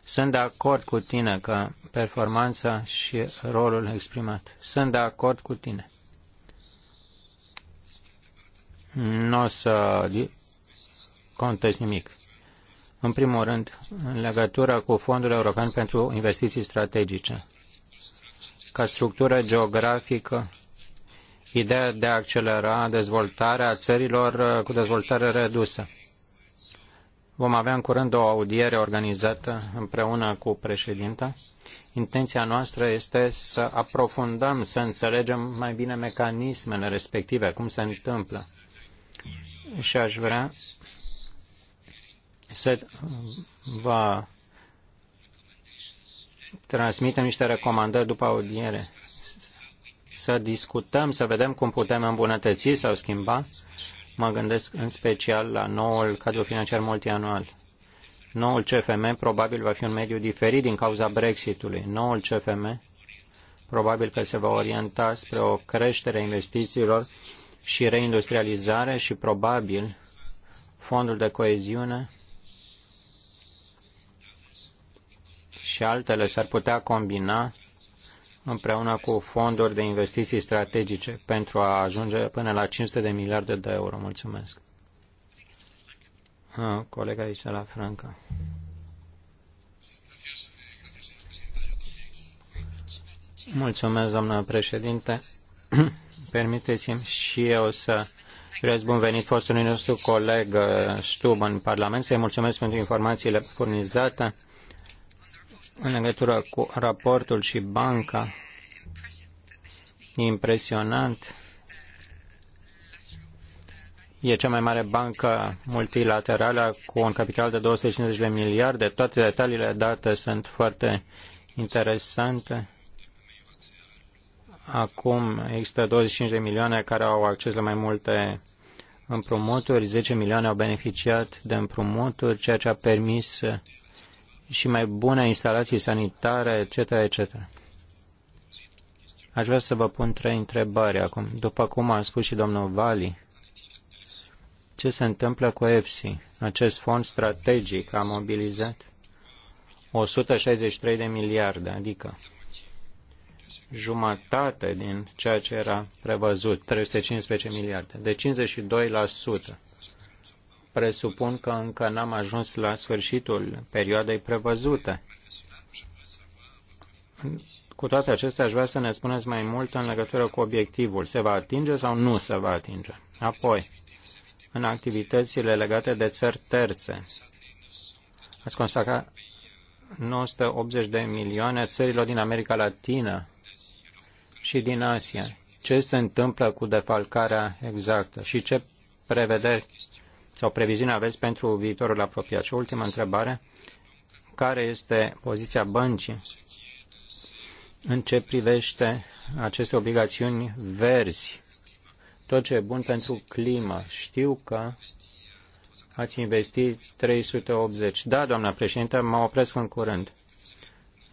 Sunt de acord cu tine că performanța și rolul exprimat. Sunt de acord cu tine. Nu o să contez nimic. În primul rând, în legătură cu Fondul European pentru Investiții Strategice, ca structură geografică, ideea de a accelera dezvoltarea țărilor uh, cu dezvoltare redusă. Vom avea în curând o audiere organizată împreună cu președinta. Intenția noastră este să aprofundăm, să înțelegem mai bine mecanismele respective, cum se întâmplă. Și aș vrea să vă transmitem niște recomandări după audiere să discutăm, să vedem cum putem îmbunătăți sau schimba. Mă gândesc în special la noul cadru financiar multianual. Noul CFM probabil va fi un mediu diferit din cauza Brexitului. Noul CFM probabil că se va orienta spre o creștere a investițiilor și reindustrializare și probabil fondul de coeziune și altele s-ar putea combina împreună cu fonduri de investiții strategice pentru a ajunge până la 500 de miliarde de euro. Mulțumesc. Ah, colega Isela Franca. Mulțumesc, domnule președinte. [clears throat] Permiteți-mi și eu să urez bun venit fostului nostru coleg eh, Stub în Parlament, să-i mulțumesc pentru informațiile furnizate în legătură cu raportul și banca. impresionant. E cea mai mare bancă multilaterală cu un capital de 250 de miliarde. Toate detaliile date sunt foarte interesante. Acum există 25 de milioane care au acces la mai multe împrumuturi, 10 milioane au beneficiat de împrumuturi, ceea ce a permis și mai bune instalații sanitare, etc., etc. Aș vrea să vă pun trei întrebări acum. După cum a spus și domnul Vali, ce se întâmplă cu EFSI, acest fond strategic a mobilizat 163 de miliarde, adică jumătate din ceea ce era prevăzut, 315 miliarde, de deci 52% presupun că încă n-am ajuns la sfârșitul perioadei prevăzute. Cu toate acestea, aș vrea să ne spuneți mai mult în legătură cu obiectivul. Se va atinge sau nu se va atinge? Apoi, în activitățile legate de țări terțe, ați consacrat 980 de milioane țărilor din America Latină și din Asia. Ce se întâmplă cu defalcarea exactă și ce prevederi sau previziune aveți pentru viitorul apropiat? Și o ultimă întrebare, care este poziția băncii în ce privește aceste obligațiuni verzi? Tot ce e bun pentru climă. Știu că ați investit 380. Da, doamna președintă, mă opresc în curând.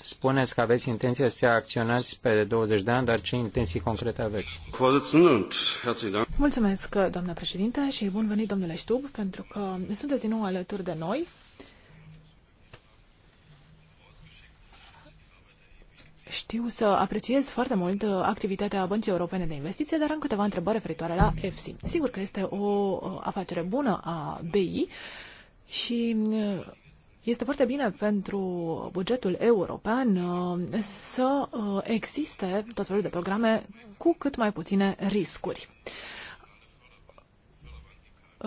Spuneți că aveți intenția să acționați pe 20 de ani, dar ce intenții concrete aveți? Mulțumesc, doamna președinte, și bun venit, domnule Ștub, pentru că sunteți din nou alături de noi. Știu să apreciez foarte mult activitatea Băncii Europene de Investiție, dar am câteva întrebări referitoare la EFSI. Sigur că este o afacere bună a BI și este foarte bine pentru bugetul european uh, să uh, existe tot felul de programe cu cât mai puține riscuri.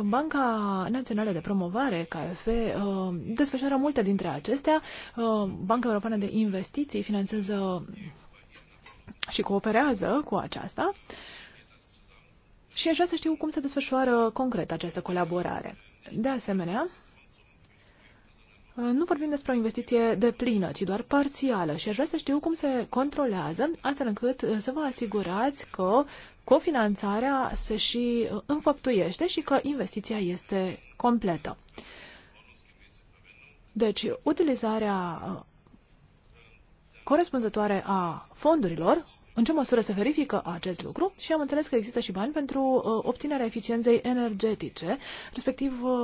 Banca Națională de Promovare, KFV, uh, desfășoară multe dintre acestea. Banca Europeană de Investiții finanțează și cooperează cu aceasta. Și aș vrea să știu cum se desfășoară concret această colaborare. De asemenea, Uh, nu vorbim despre o investiție de plină, ci doar parțială și aș vrea să știu cum se controlează, astfel încât uh, să vă asigurați că cofinanțarea se și uh, înfăptuiește și că investiția este completă. Deci, utilizarea corespunzătoare a fondurilor în ce măsură se verifică acest lucru și am înțeles că există și bani pentru uh, obținerea eficienței energetice, respectiv uh,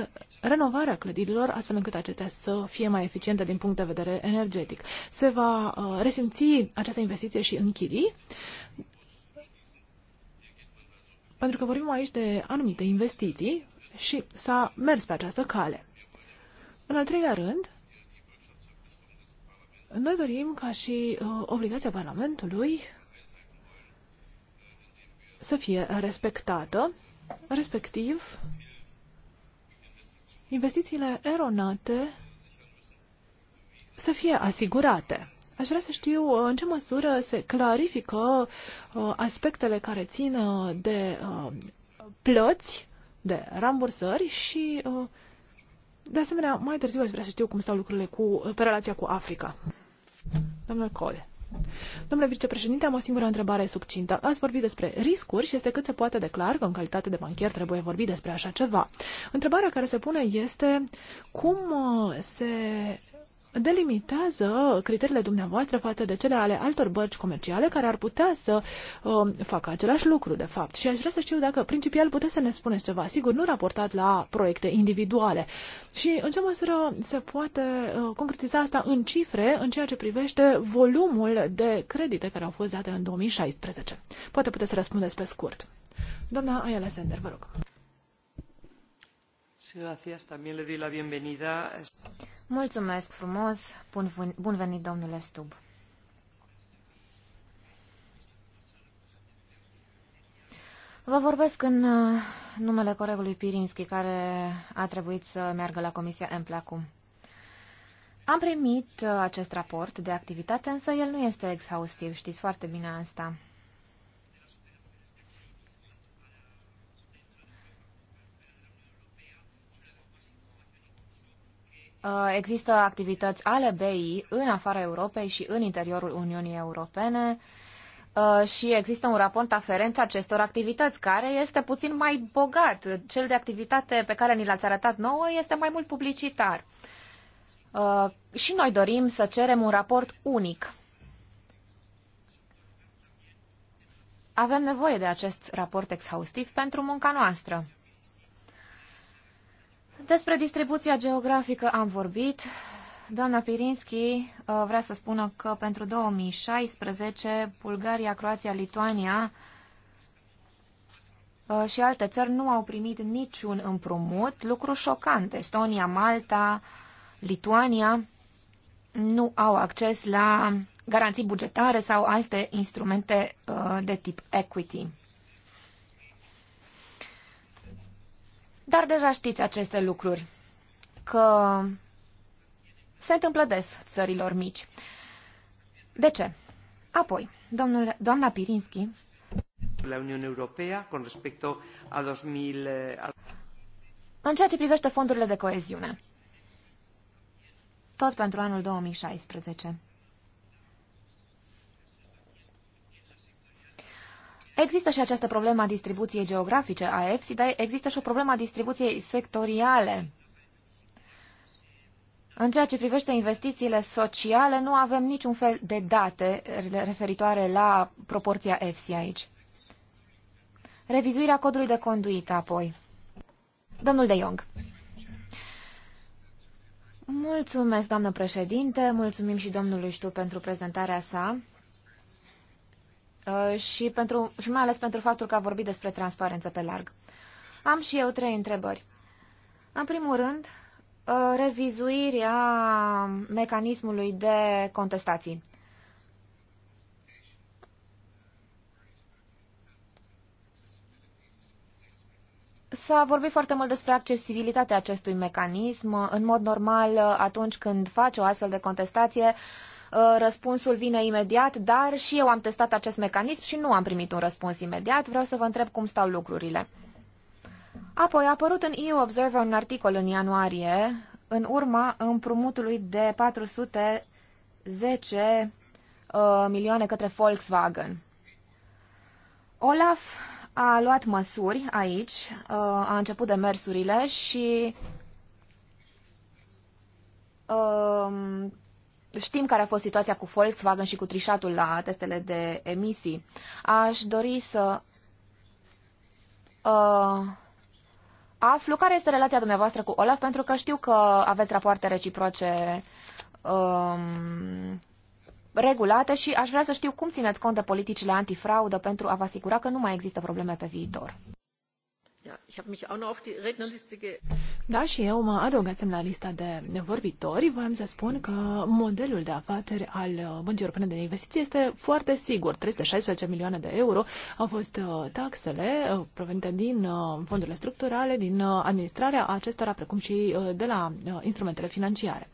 uh, renovarea clădirilor, astfel încât acestea să fie mai eficiente din punct de vedere energetic. Se va uh, resimți această investiție și în chirii, pentru că vorbim aici de anumite investiții și s-a mers pe această cale. În al treilea rând, noi dorim ca și uh, obligația Parlamentului să fie respectată, respectiv investițiile eronate să fie asigurate. Aș vrea să știu uh, în ce măsură se clarifică uh, aspectele care țin uh, de plăți, de rambursări și, de asemenea, mai târziu aș vrea să știu cum stau lucrurile cu, pe relația cu Africa. Domnul Cole. Domnule vicepreședinte, am o singură întrebare succintă. Ați vorbit despre riscuri și este cât se poate declar că în calitate de banchier trebuie vorbi despre așa ceva. Întrebarea care se pune este cum uh, se delimitează criteriile dumneavoastră față de cele ale altor bărci comerciale care ar putea să uh, facă același lucru, de fapt. Și aș vrea să știu dacă principial puteți să ne spuneți ceva. Sigur, nu raportat la proiecte individuale. Și în ce măsură se poate uh, concretiza asta în cifre în ceea ce privește volumul de credite care au fost date în 2016? Poate puteți să răspundeți pe scurt. Doamna Ayala Sender, vă rog. Mulțumesc frumos. Bun, bun venit, domnule Stub. Vă vorbesc în uh, numele colegului Pirinski, care a trebuit să meargă la Comisia EMPL acum. Am primit uh, acest raport de activitate, însă el nu este exhaustiv, știți foarte bine asta. Uh, există activități ale BI în afara Europei și în interiorul Uniunii Europene uh, și există un raport aferent acestor activități, care este puțin mai bogat. Cel de activitate pe care ni l-ați arătat nouă este mai mult publicitar. Uh, și noi dorim să cerem un raport unic. Avem nevoie de acest raport exhaustiv pentru munca noastră. Despre distribuția geografică am vorbit. Doamna Pirinski uh, vrea să spună că pentru 2016 Bulgaria, Croația, Lituania uh, și alte țări nu au primit niciun împrumut, lucru șocant. Estonia, Malta, Lituania nu au acces la garanții bugetare sau alte instrumente uh, de tip equity. Dar deja știți aceste lucruri, că se întâmplă des țărilor mici. De ce? Apoi, domnul, doamna Pirinski... La Uniunea Europeană, con respecto a 2000... În ceea ce privește fondurile de coeziune, tot pentru anul 2016. Există și această problemă a distribuției geografice a EPSI, dar există și o problemă a distribuției sectoriale. În ceea ce privește investițiile sociale, nu avem niciun fel de date referitoare la proporția EFSI aici. Revizuirea codului de conduită apoi. Domnul De Jong. Mulțumesc, doamnă președinte, mulțumim și domnului Ștu pentru prezentarea sa. Uh, și, pentru, și mai ales pentru faptul că a vorbit despre transparență pe larg. Am și eu trei întrebări. În primul rând, uh, revizuirea mecanismului de contestații. S-a vorbit foarte mult despre accesibilitatea acestui mecanism. În mod normal, uh, atunci când faci o astfel de contestație, uh, Uh, răspunsul vine imediat, dar și eu am testat acest mecanism și nu am primit un răspuns imediat. Vreau să vă întreb cum stau lucrurile. Apoi a apărut în EU Observer un articol în ianuarie, în urma împrumutului de 410 uh, milioane către Volkswagen. Olaf a luat măsuri aici, uh, a început demersurile și uh, Știm care a fost situația cu Volkswagen și cu trișatul la testele de emisii. Aș dori să uh, aflu care este relația dumneavoastră cu Olaf, pentru că știu că aveți rapoarte reciproce um, regulate și aș vrea să știu cum țineți cont de politicile antifraudă pentru a vă asigura că nu mai există probleme pe viitor. Da, și eu mă adăugasem la lista de vorbitori. Voiam să spun că modelul de afaceri al uh, Băncii Europene de Investiții este foarte sigur. 316 milioane de euro au fost uh, taxele uh, provenite din fondurile structurale, din administrarea acestora, precum și de la instrumentele financiare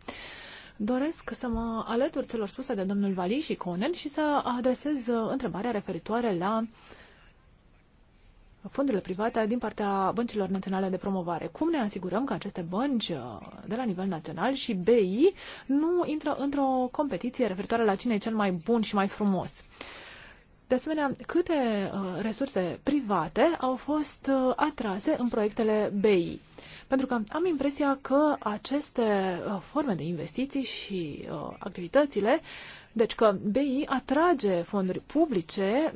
doresc să mă alătur celor spuse de domnul Vali și Conen și să adresez întrebarea referitoare la uh, fondurile private din partea băncilor naționale de promovare. Cum ne asigurăm că aceste bănci uh, de la nivel național și BI nu intră într-o competiție referitoare la cine e cel mai bun și mai frumos? De asemenea, câte uh, resurse private au fost uh, atrase în proiectele BI? Pentru că am impresia că aceste forme de investiții și activitățile, deci că BI atrage fonduri publice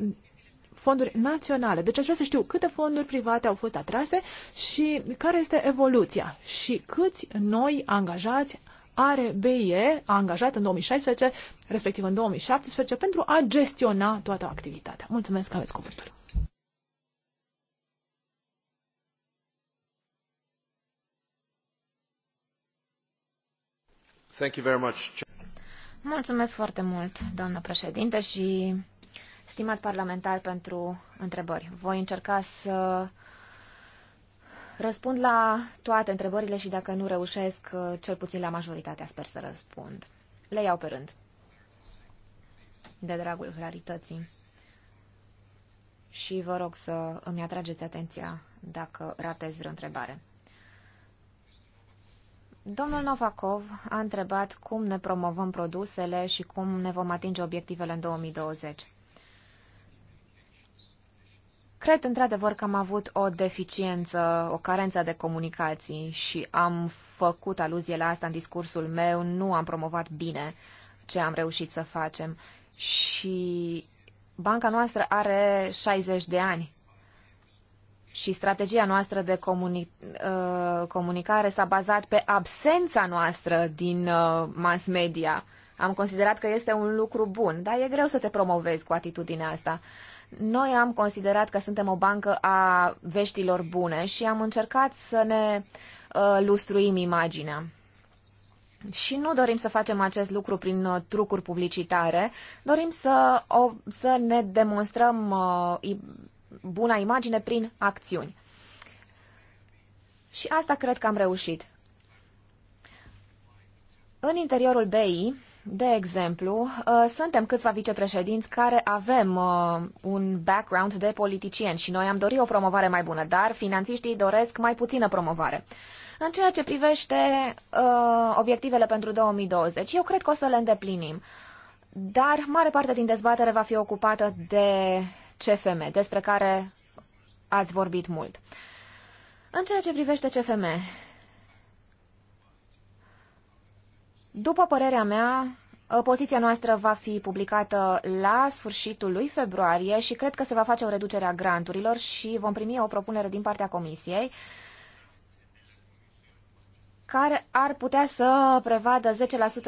fonduri naționale. Deci aș vrea să știu câte fonduri private au fost atrase și care este evoluția și câți noi angajați are BIE angajat în 2016, respectiv în 2017, pentru a gestiona toată activitatea. Mulțumesc că aveți cuvântul. Mulțumesc foarte mult, doamnă președinte, și Stimat parlamentar pentru întrebări. Voi încerca să răspund la toate întrebările și dacă nu reușesc, cel puțin la majoritatea sper să răspund. Le iau pe rând. De dragul clarității. Și vă rog să îmi atrageți atenția dacă ratez vreo întrebare. Domnul Novakov a întrebat cum ne promovăm produsele și cum ne vom atinge obiectivele în 2020. Cred într-adevăr că am avut o deficiență, o carență de comunicații și am făcut aluzie la asta în discursul meu, nu am promovat bine ce am reușit să facem. Și banca noastră are 60 de ani și strategia noastră de comuni- uh, comunicare s-a bazat pe absența noastră din uh, mass media. Am considerat că este un lucru bun, dar e greu să te promovezi cu atitudinea asta. Uh, noi am considerat că suntem o bancă a veștilor bune și am încercat să ne uh, lustruim imaginea. Și nu dorim să facem acest lucru prin uh, trucuri publicitare, dorim să, o, să ne demonstrăm uh, buna imagine prin acțiuni. Și asta cred că am reușit. În interiorul BI, de exemplu, uh, suntem câțiva vicepreședinți care avem uh, un background de politicien și noi am dorit o promovare mai bună, dar finanțiștii doresc mai puțină promovare. În ceea ce privește uh, obiectivele pentru 2020, eu cred că o să le îndeplinim. Dar mare parte din dezbatere va fi ocupată de CFM, despre care ați vorbit mult. În ceea ce privește CFM, după părerea mea, Uh, poziția noastră va fi publicată la sfârșitul lui februarie și cred că se va face o reducere a granturilor și vom primi o propunere din partea Comisiei care ar putea să prevadă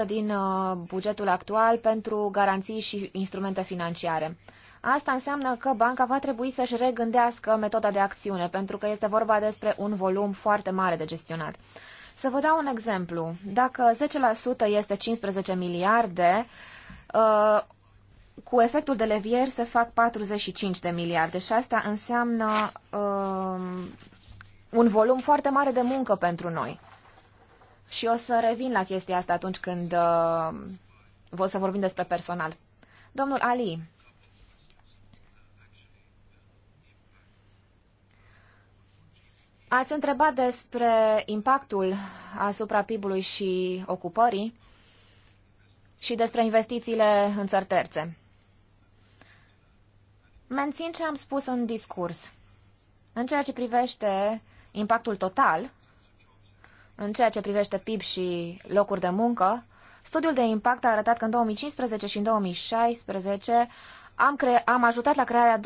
10% din uh, bugetul actual pentru garanții și instrumente financiare. Asta înseamnă că banca va trebui să-și regândească metoda de acțiune, pentru că este vorba despre un volum foarte mare de gestionat. Să vă dau un exemplu. Dacă 10% este 15 miliarde, uh, cu efectul de levier se fac 45 de miliarde și asta înseamnă um, un volum foarte mare de muncă pentru noi. Și o să revin la chestia asta atunci când uh, vă să vorbim despre personal. Domnul Ali, Ați întrebat despre impactul asupra PIB-ului și ocupării și despre investițiile în țări terțe. Mențin ce am spus în discurs. În ceea ce privește impactul total, în ceea ce privește PIB și locuri de muncă, studiul de impact a arătat că în 2015 și în 2016 am, cre- am ajutat la crearea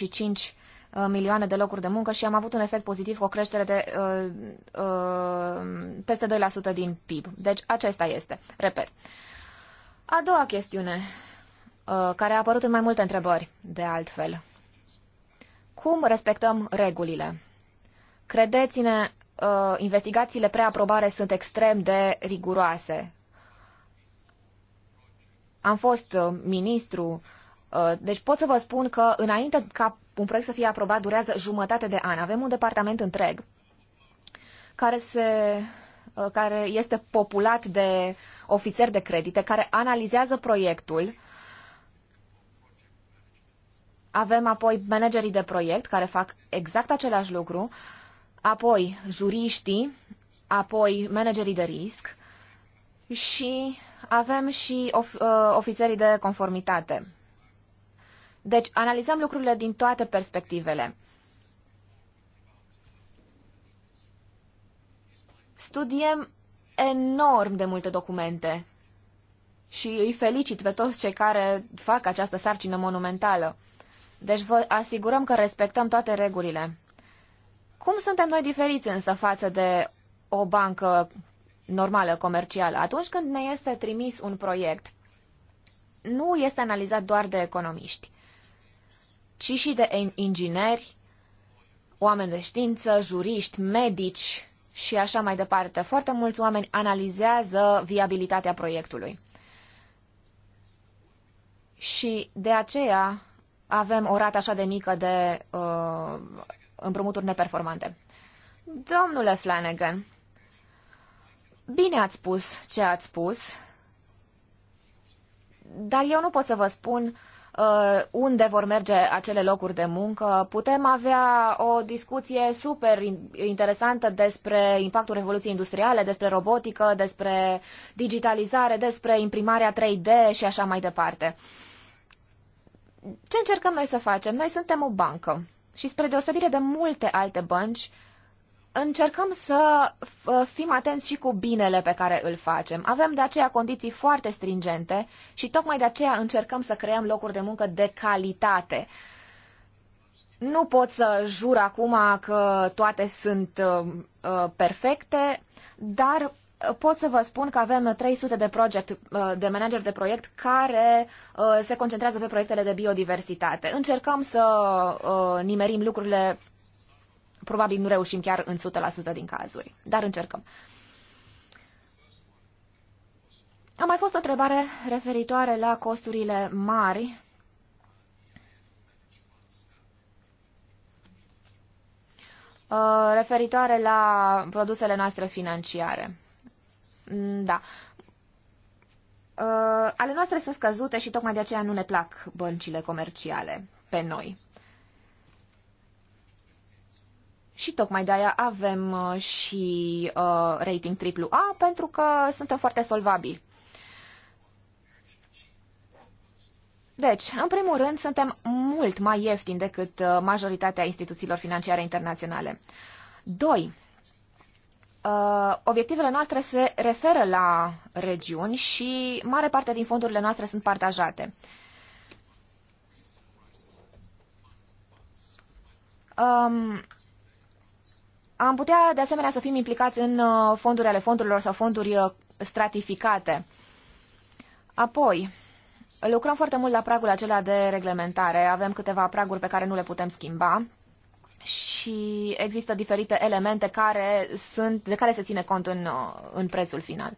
2,25 Uh, milioane de locuri de muncă și am avut un efect pozitiv cu o creștere de uh, uh, peste 2% din PIB. Deci acesta este, repet. A doua chestiune, uh, care a apărut în mai multe întrebări, de altfel. Cum respectăm regulile? Credeți-ne, uh, investigațiile preaprobare sunt extrem de riguroase. Am fost uh, ministru, uh, deci pot să vă spun că înainte ca un proiect să fie aprobat durează jumătate de an. Avem un departament întreg care, se, uh, care este populat de ofițeri de credite, care analizează proiectul. Avem apoi managerii de proiect care fac exact același lucru, apoi juriștii, apoi managerii de risc și avem și of, uh, ofițerii de conformitate. Deci analizăm lucrurile din toate perspectivele. Studiem enorm de multe documente și îi felicit pe toți cei care fac această sarcină monumentală. Deci vă asigurăm că respectăm toate regulile. Cum suntem noi diferiți însă față de o bancă normală, comercială? Atunci când ne este trimis un proiect, nu este analizat doar de economiști ci și de ingineri, oameni de știință, juriști, medici și așa mai departe. Foarte mulți oameni analizează viabilitatea proiectului. Și de aceea avem o rată așa de mică de uh, împrumuturi neperformante. Domnule Flanagan, bine ați spus ce ați spus, dar eu nu pot să vă spun uh, Uh, unde vor merge acele locuri de muncă. Putem avea o discuție super interesantă despre impactul revoluției industriale, despre robotică, despre digitalizare, despre imprimarea 3D și așa mai departe. Ce încercăm noi să facem? Noi suntem o bancă și spre deosebire de multe alte bănci, încercăm să uh, fim atenți și cu binele pe care îl facem. Avem de aceea condiții foarte stringente și tocmai de aceea încercăm să creăm locuri de muncă de calitate. Nu pot să jur acum că toate sunt uh, uh perfecte, dar uh, pot să vă spun că avem 300 de project, de manager de proiect care se concentrează pe proiectele de biodiversitate. Încercăm să nimerim lucrurile Probabil nu reușim chiar în 100% din cazuri, dar încercăm. A mai fost o întrebare referitoare la costurile mari. Uh, referitoare la produsele noastre financiare. Mm, da. Uh, ale noastre sunt scăzute și tocmai de aceea nu ne plac băncile comerciale pe noi. Și tocmai de-aia avem uh, și uh, rating AAA, pentru că suntem foarte solvabili. Deci, în primul rând, suntem mult mai ieftini decât uh, majoritatea instituțiilor financiare internaționale. 2. Uh, obiectivele noastre se referă la regiuni și mare parte din fondurile noastre sunt partajate. Um, am putea, de asemenea, să fim implicați în uh, fonduri ale fondurilor sau fonduri uh, stratificate. Apoi, lucrăm foarte mult la pragul acela de reglementare. Avem câteva praguri pe care nu le putem schimba și există diferite elemente care sunt, de care se ține cont în, uh, în prețul final.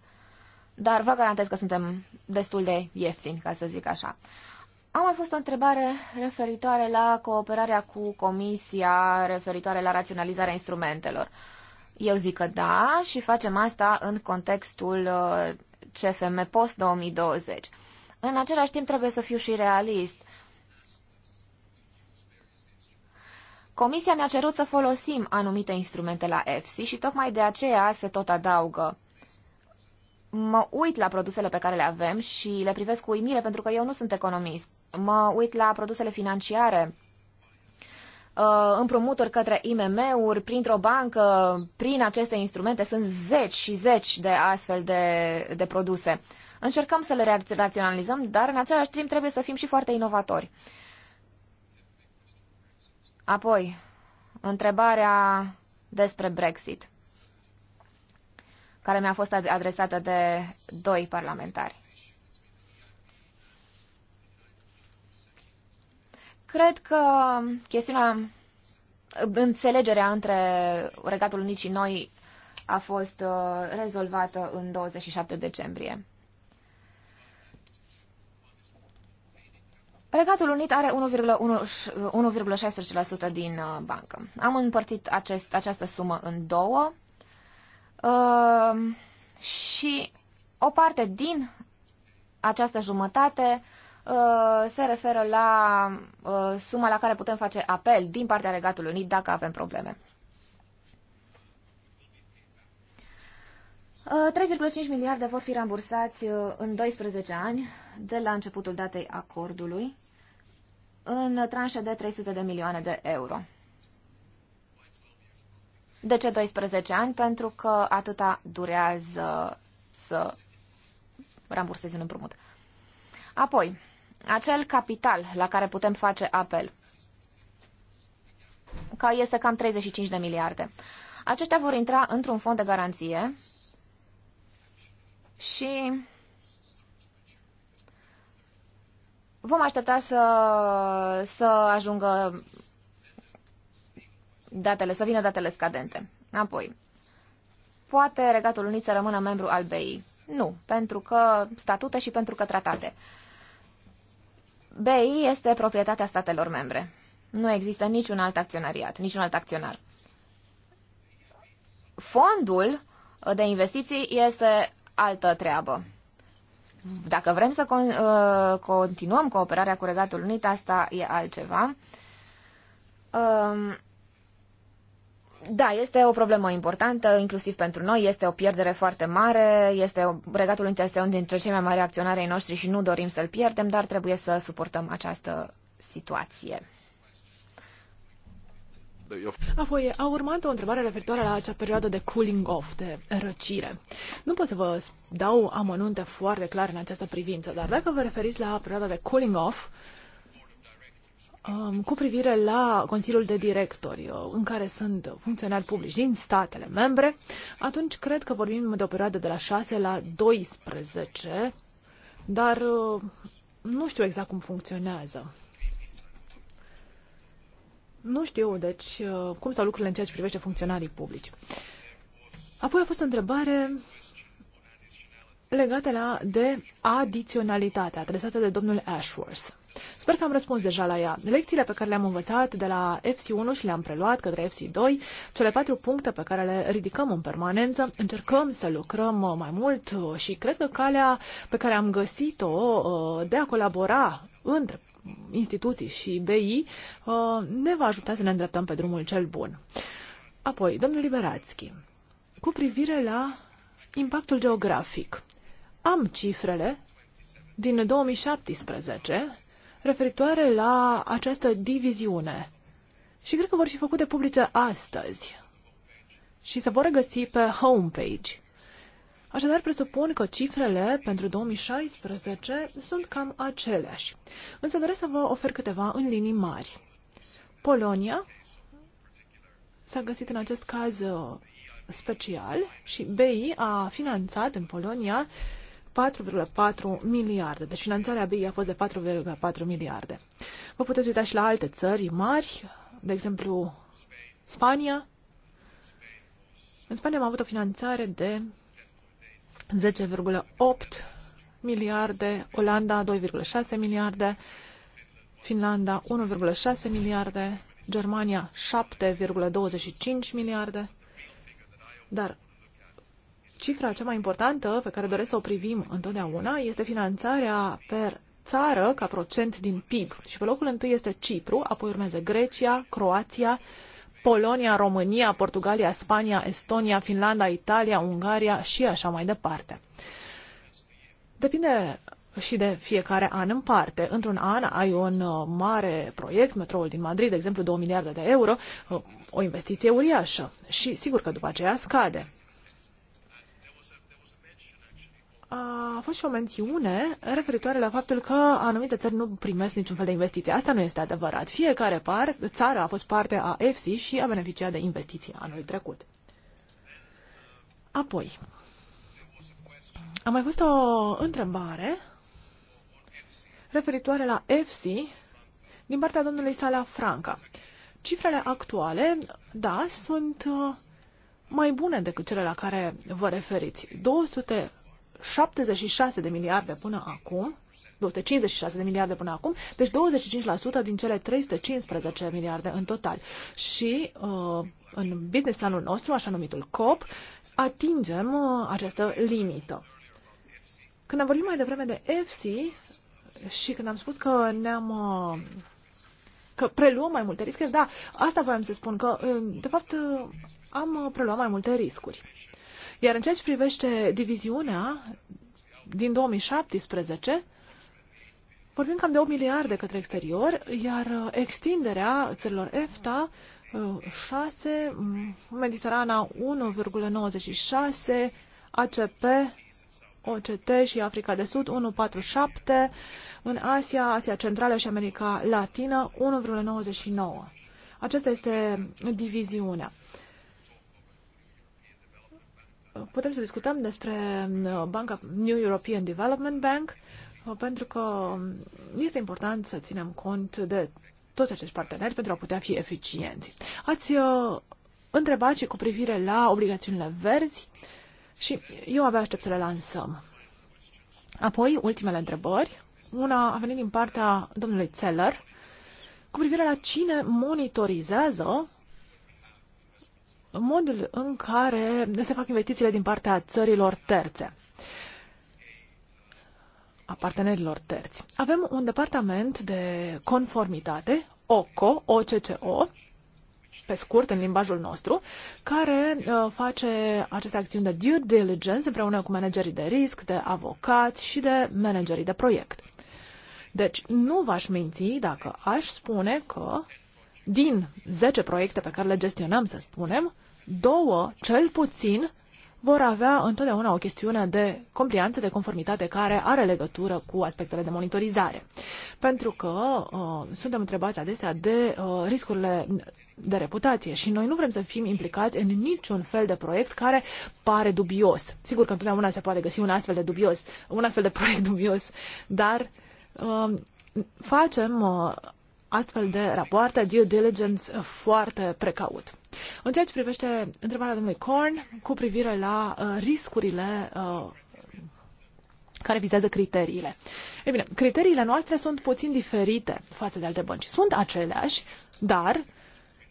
Dar vă garantez că suntem destul de ieftini, ca să zic așa. Am mai fost o întrebare referitoare la cooperarea cu Comisia, referitoare la raționalizarea instrumentelor. Eu zic că da și facem asta în contextul CFM Post 2020. În același timp trebuie să fiu și realist. Comisia ne-a cerut să folosim anumite instrumente la EFSI și tocmai de aceea se tot adaugă mă uit la produsele pe care le avem și le privesc cu uimire pentru că eu nu sunt economist. Mă uit la produsele financiare, uh, împrumuturi către IMM-uri, printr-o bancă, prin aceste instrumente, sunt zeci și zeci de astfel de, de produse. Încercăm să le raționalizăm, dar în același timp trebuie să fim și foarte inovatori. Apoi, întrebarea despre Brexit care mi-a fost adresată de doi parlamentari. Cred că chestiunea, înțelegerea între Regatul Unit și noi a fost uh, rezolvată în 27 decembrie. Regatul Unit are 1,16% din uh, bancă. Am împărțit acest, această sumă în două Ehm, și o parte din această jumătate ehm, se referă la ehm, suma la care putem face apel din partea Regatului Unit dacă avem probleme. 3,5 miliarde vor fi rambursați în 12 ani de la începutul datei acordului în tranșe de 300 de milioane de euro. De ce 12 ani? Pentru că atâta durează să rambursezi un împrumut. Apoi, acel capital la care putem face apel, că este cam 35 de miliarde. Aceștia vor intra într-un fond de garanție și vom aștepta să, să ajungă datele, să vină datele scadente. Apoi, poate Regatul Unit să rămână membru al BEI? Nu, pentru că statute și pentru că tratate. BEI este proprietatea statelor membre. Nu există niciun alt acționariat, niciun alt acționar. Fondul de investiții este altă treabă. Dacă vrem să con- uh, continuăm cooperarea cu Regatul Unit, asta e altceva. Um, da, este o problemă importantă, inclusiv pentru noi, este o pierdere foarte mare, este Regatul Unit este unul dintre cei mai mari acționari ai noștri și nu dorim să-l pierdem, dar trebuie să suportăm această situație. Apoi a urmat o întrebare referitoare la acea perioadă de cooling off, de răcire. Nu pot să vă dau amănunte foarte clare în această privință, dar dacă vă referiți la perioada de cooling off, uh, Um, cu privire la Consiliul de Directori, uh, în care sunt funcționari publici din statele membre, atunci cred că vorbim de o perioadă de la 6 la 12, dar uh, nu știu exact cum funcționează. Nu știu, deci, uh, cum stau lucrurile în ceea ce privește funcționarii publici. Apoi a fost o întrebare legată la, de adiționalitate, adresată de domnul Ashworth. Sper că am răspuns deja la ea. Lecțiile pe care le-am învățat de la FC1 și le-am preluat către FC2, cele patru puncte pe care le ridicăm în permanență, încercăm să lucrăm uh, mai mult uh, și cred că calea pe care am găsit-o uh, de a colabora între instituții și BI ne va ajuta să ne îndreptăm pe drumul cel bun. Apoi, domnul Liberațchi, cu privire la impactul geografic, am cifrele din 2017 referitoare la această diviziune. Și cred că vor fi făcute publice astăzi și se vor regăsi pe homepage. Așadar, presupun că cifrele pentru 2016 sunt cam aceleași. Însă doresc să vă ofer câteva în linii mari. Polonia s-a găsit în acest caz uh, special și BI a finanțat în Polonia 4,4 miliarde. Deci finanțarea BI a fost de 4,4 miliarde. Vă puteți uita și la alte țări mari, de exemplu Spania. În Spania am avut o finanțare de 10,8 miliarde, Olanda 2,6 miliarde, Finlanda 1,6 miliarde, Germania 7,25 miliarde. Dar cifra cea mai importantă pe care doresc să o privim întotdeauna este finanțarea per țară ca procent din PIB. Și pe locul întâi este Cipru, apoi urmează Grecia, Croația, Polonia, România, Portugalia, Spania, Estonia, Finlanda, Italia, Ungaria și așa mai departe. Depinde și de fiecare an în parte. Într-un an ai un uh, mare proiect, metroul din Madrid, de exemplu, 2 miliarde de euro, uh, o investiție uriașă și sigur că după aceea scade. a fost și o mențiune referitoare la faptul că anumite țări nu primesc niciun fel de investiție. Asta nu este adevărat. Fiecare par, țară a fost parte a EFSI și a beneficiat de investiții anul trecut. Apoi, a mai fost o întrebare referitoare la EFSI din partea domnului Sala Franca. Cifrele actuale, da, sunt uh, mai bune decât cele la care vă referiți. 200 76 de miliarde până acum, 256 de miliarde până acum, deci 25% din cele 315 miliarde în total. Și uh, în business planul nostru, așa numitul COP, atingem uh, această limită. Când am vorbit mai devreme de FC și când am spus că ne-am uh, că preluăm mai multe riscuri, da, asta voiam să spun, că uh, de fapt uh, am uh, preluat mai multe riscuri. Iar în ceea ce privește diviziunea din 2017, vorbim cam de 8 miliarde către exterior, iar uh, extinderea țărilor EFTA 6, uh, mm, Mediterana 1,96, ACP, OCT și Africa de Sud 1,47, în Asia, Asia Centrală și America Latină 1,99. Aceasta este diviziunea putem să discutăm despre uh, Banca New European Development Bank, uh, pentru că um, este important să ținem cont de toți acești parteneri pentru a putea fi eficienți. Ați uh, întrebat și cu privire la obligațiunile verzi și eu abia aștept să le lansăm. Apoi, ultimele întrebări. Una a venit din partea domnului Zeller cu privire la cine monitorizează modul în care se fac investițiile din partea țărilor terțe a partenerilor terți. Avem un departament de conformitate, OCO, OCCO, pe scurt, în limbajul nostru, care uh, face aceste acțiuni de due diligence împreună cu managerii de risc, de avocați și de managerii de proiect. Deci, nu v-aș minți dacă aș spune că din 10 proiecte pe care le gestionăm, să spunem, două, cel puțin, vor avea întotdeauna o chestiune de complianță, de conformitate care are legătură cu aspectele de monitorizare. Pentru că uh, suntem întrebați adesea de uh, riscurile de reputație și noi nu vrem să fim implicați în niciun fel de proiect care pare dubios. Sigur că întotdeauna se poate găsi un astfel de dubios, un astfel de [laughs] proiect dubios, dar uh, facem uh, astfel de rapoarte, due diligence, uh, foarte precaut. În ceea ce privește întrebarea domnului Korn cu privire la uh, riscurile uh, care vizează criteriile. Ei bine, criteriile noastre sunt puțin diferite față de alte bănci. Sunt aceleași, dar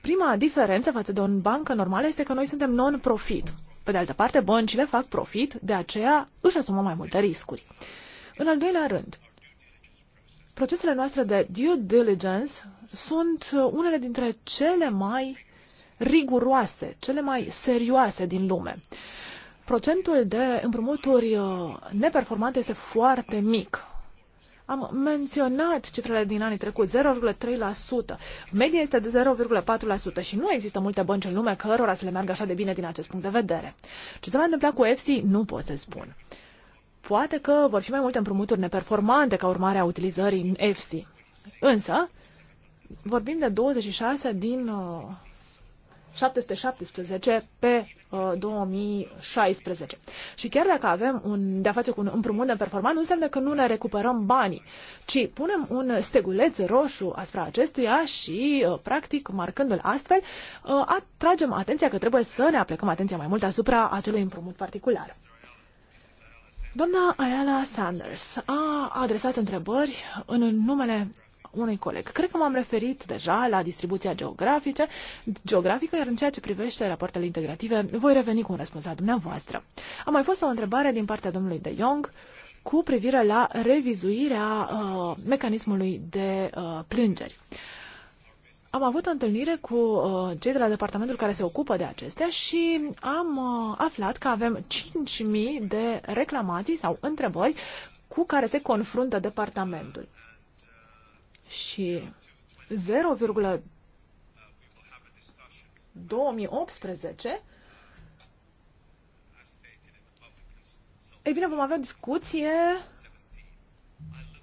prima diferență față de o bancă normală este că noi suntem non-profit. Pe de altă parte, băncile fac profit, de aceea își asumă mai multe riscuri. În al doilea rând, procesele noastre de due diligence sunt uh, unele dintre cele mai riguroase, cele mai serioase din lume. Procentul de împrumuturi uh, neperformante este foarte mic. Am menționat cifrele din anii trecuți, 0,3%. Media este de 0,4% și nu există multe bănci în lume cărora să le meargă așa de bine din acest punct de vedere. Ce se va întâmpla cu EFSI, nu pot să spun. Poate că vor fi mai multe împrumuturi neperformante ca urmare a utilizării în EFSI. Însă, vorbim de 26 din uh, 717 pe uh, 2016. Și chiar dacă avem un, de-a face cu un împrumut de performant, nu înseamnă că nu ne recuperăm banii, ci punem un steguleț roșu asupra acestuia și, uh, practic, marcându-l astfel, uh, atragem atenția că trebuie să ne aplicăm atenția mai mult asupra acelui împrumut particular. Doamna Ayala Sanders a adresat întrebări în numele unui coleg. Cred că m-am referit deja la distribuția geografice, geografică, iar în ceea ce privește rapoartele integrative, voi reveni cu un răspuns la dumneavoastră. A mai fost o întrebare din partea domnului De Jong cu privire la revizuirea uh, mecanismului de uh, plângeri. Am avut o întâlnire cu uh, cei de la departamentul care se ocupă de acestea și am uh, aflat că avem 5.000 de reclamații sau întrebări cu care se confruntă departamentul și 0,2018 ei bine, vom avea discuție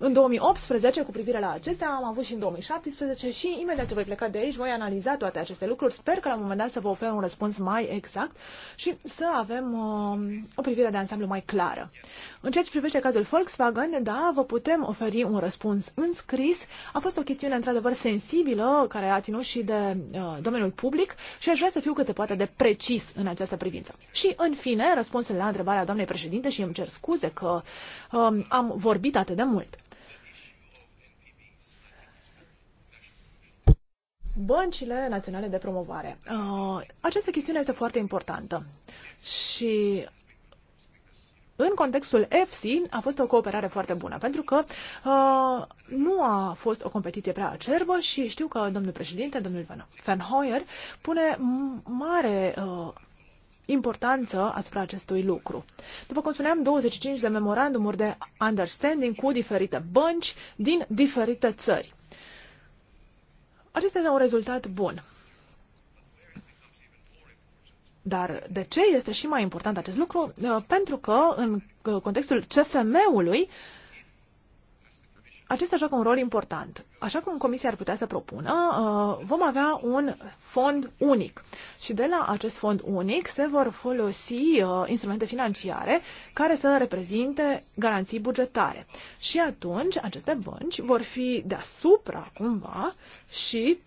în 2018 cu privire la acestea, am avut și în 2017 și imediat ce voi pleca de aici voi analiza toate aceste lucruri. Sper că la un moment dat să vă ofer un răspuns mai exact și să avem uh, o privire de ansamblu mai clară. În ceea ce privește cazul Volkswagen, da, vă putem oferi un răspuns în scris. A fost o chestiune într-adevăr sensibilă care a ținut și de uh, domeniul public și aș vrea să fiu cât se poate de precis în această privință. Și în fine, răspunsul la întrebarea doamnei președinte și îmi cer scuze că um, am vorbit atât de mult. băncile naționale de promovare. Uh, această chestiune este foarte importantă și în contextul EFSI a fost o cooperare foarte bună, pentru că uh, nu a fost o competiție prea acerbă și știu că domnul președinte, domnul Van Hoyer, pune mare uh, importanță asupra acestui lucru. După cum spuneam, 25 de memorandumuri de understanding cu diferite bănci din diferite țări. Acestea este au rezultat bun. Dar de ce este și mai important acest lucru? Eh, pentru că în eh, contextul CFM-ului acesta joacă un rol important. Așa cum Comisia ar putea să propună, uh, vom avea un fond unic și de la acest fond unic se vor folosi uh, instrumente financiare care să reprezinte garanții bugetare. Și atunci aceste bănci vor fi deasupra cumva și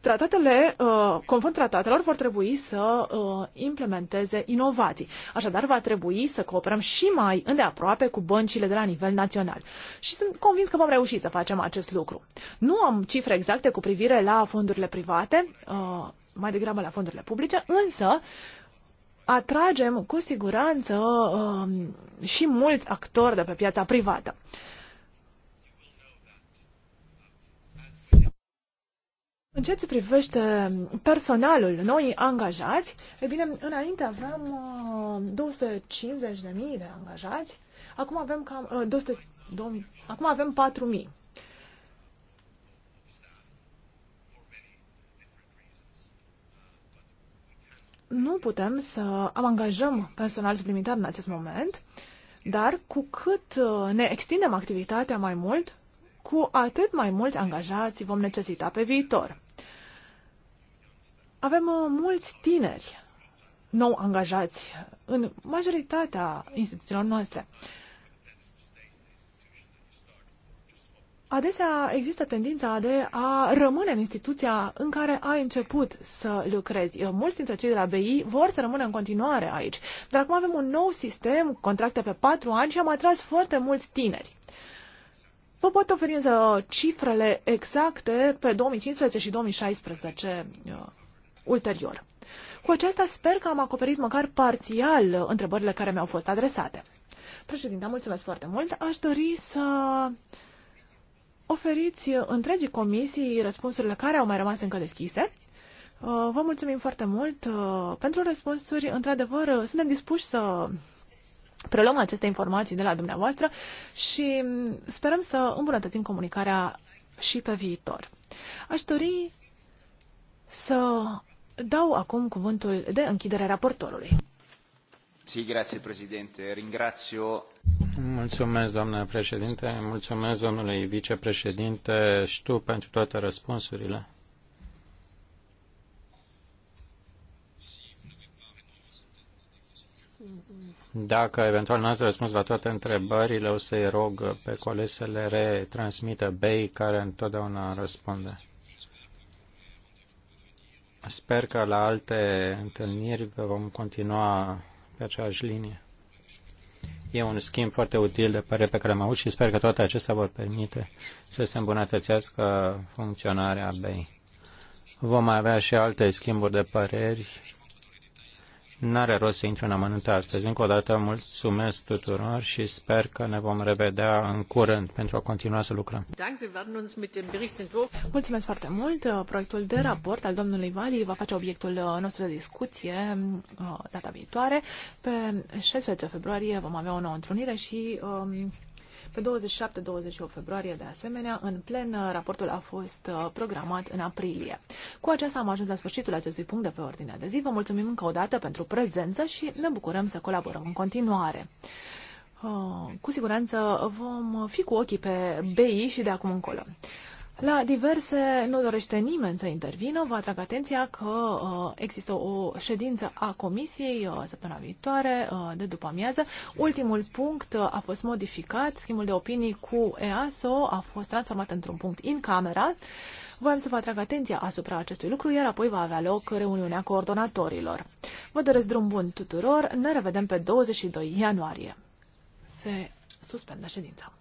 Tratatele, uh, conform tratatelor, vor trebui să uh, implementeze inovații. Așadar, va trebui să cooperăm și mai îndeaproape cu băncile de la nivel național. Și sunt convins că vom reuși să facem acest lucru. Nu am cifre exacte cu privire la fondurile private, uh, mai degrabă la fondurile publice, însă atragem cu siguranță și mulți actori de pe piața privată. În ceea ce privește personalul, noi angajați, e bine, înainte aveam 250.000 uh, de angajați, acum avem cam 200, uh, 2000, acum avem 4.000. Nu putem să am angajăm personal suplimentar în acest moment, dar cu cât uh, ne extindem activitatea mai mult, cu atât mai mulți angajați vom necesita pe viitor. Avem uh, mulți tineri nou angajați în majoritatea instituțiilor noastre. Adesea există tendința de a rămâne în instituția în care ai început să lucrezi. Uh, mulți dintre cei de la BI vor să rămână în continuare aici. Dar acum avem un nou sistem, contracte pe patru ani și am atras foarte mulți tineri. Vă pot oferi însă uh, cifrele exacte pe 2015 și 2016 uh, ulterior. Cu aceasta sper că am acoperit măcar parțial uh, întrebările care mi-au fost adresate. Președinte, mulțumesc foarte mult. Aș dori să oferiți uh, întregii comisii răspunsurile care au mai rămas încă deschise. Vă mulțumim foarte mult pentru răspunsuri. Într-adevăr, suntem dispuși să preluăm aceste informații de la dumneavoastră și sperăm să îmbunătățim comunicarea și pe viitor. Aș dori să dau acum cuvântul de închidere raportorului. Si, grazie, Presidente. Ringrazio... Mulțumesc, doamnă președinte. Mulțumesc, domnule vicepreședinte, și tu pentru toate răspunsurile. Dacă eventual n-ați răspuns la toate întrebările, o să-i rog pe colegi să le retransmită Bei, care întotdeauna răspunde. Sper că la alte întâlniri vom continua pe aceeași linie. E un schimb foarte util de părere pe care am avut și sper că toate acestea vor permite să se îmbunătățească funcționarea BEI. Vom mai avea și alte schimburi de păreri N-are rost să intru în amănunte astăzi. Încă o dată mulțumesc tuturor și sper că ne vom revedea în curând pentru a continua să lucrăm. Mulțumesc foarte mult. Uh, proiectul de raport al domnului Vali va face obiectul uh, nostru de discuție uh, data viitoare. Pe 16 februarie vom avea o nouă întrunire și um, pe 27-28 februarie, de asemenea, în plen, raportul a fost uh, programat în aprilie. Cu aceasta am ajuns la sfârșitul acestui punct de pe ordinea de zi. Vă mulțumim încă o dată pentru prezență și ne bucurăm să colaborăm în continuare. Uh, cu siguranță vom fi cu ochii pe BI și de acum încolo. La diverse nu dorește nimeni să intervină. Vă atrag atenția că uh, există o ședință a comisiei uh, săptămâna viitoare, uh, de după amiază. Ultimul punct uh, a fost modificat. Schimbul de opinii cu EASO a fost transformat într-un punct in camera. Voiam să vă atrag atenția asupra acestui lucru, iar apoi va avea loc reuniunea coordonatorilor. Vă doresc drum bun tuturor. Ne revedem pe 22 ianuarie. Se suspendă ședința.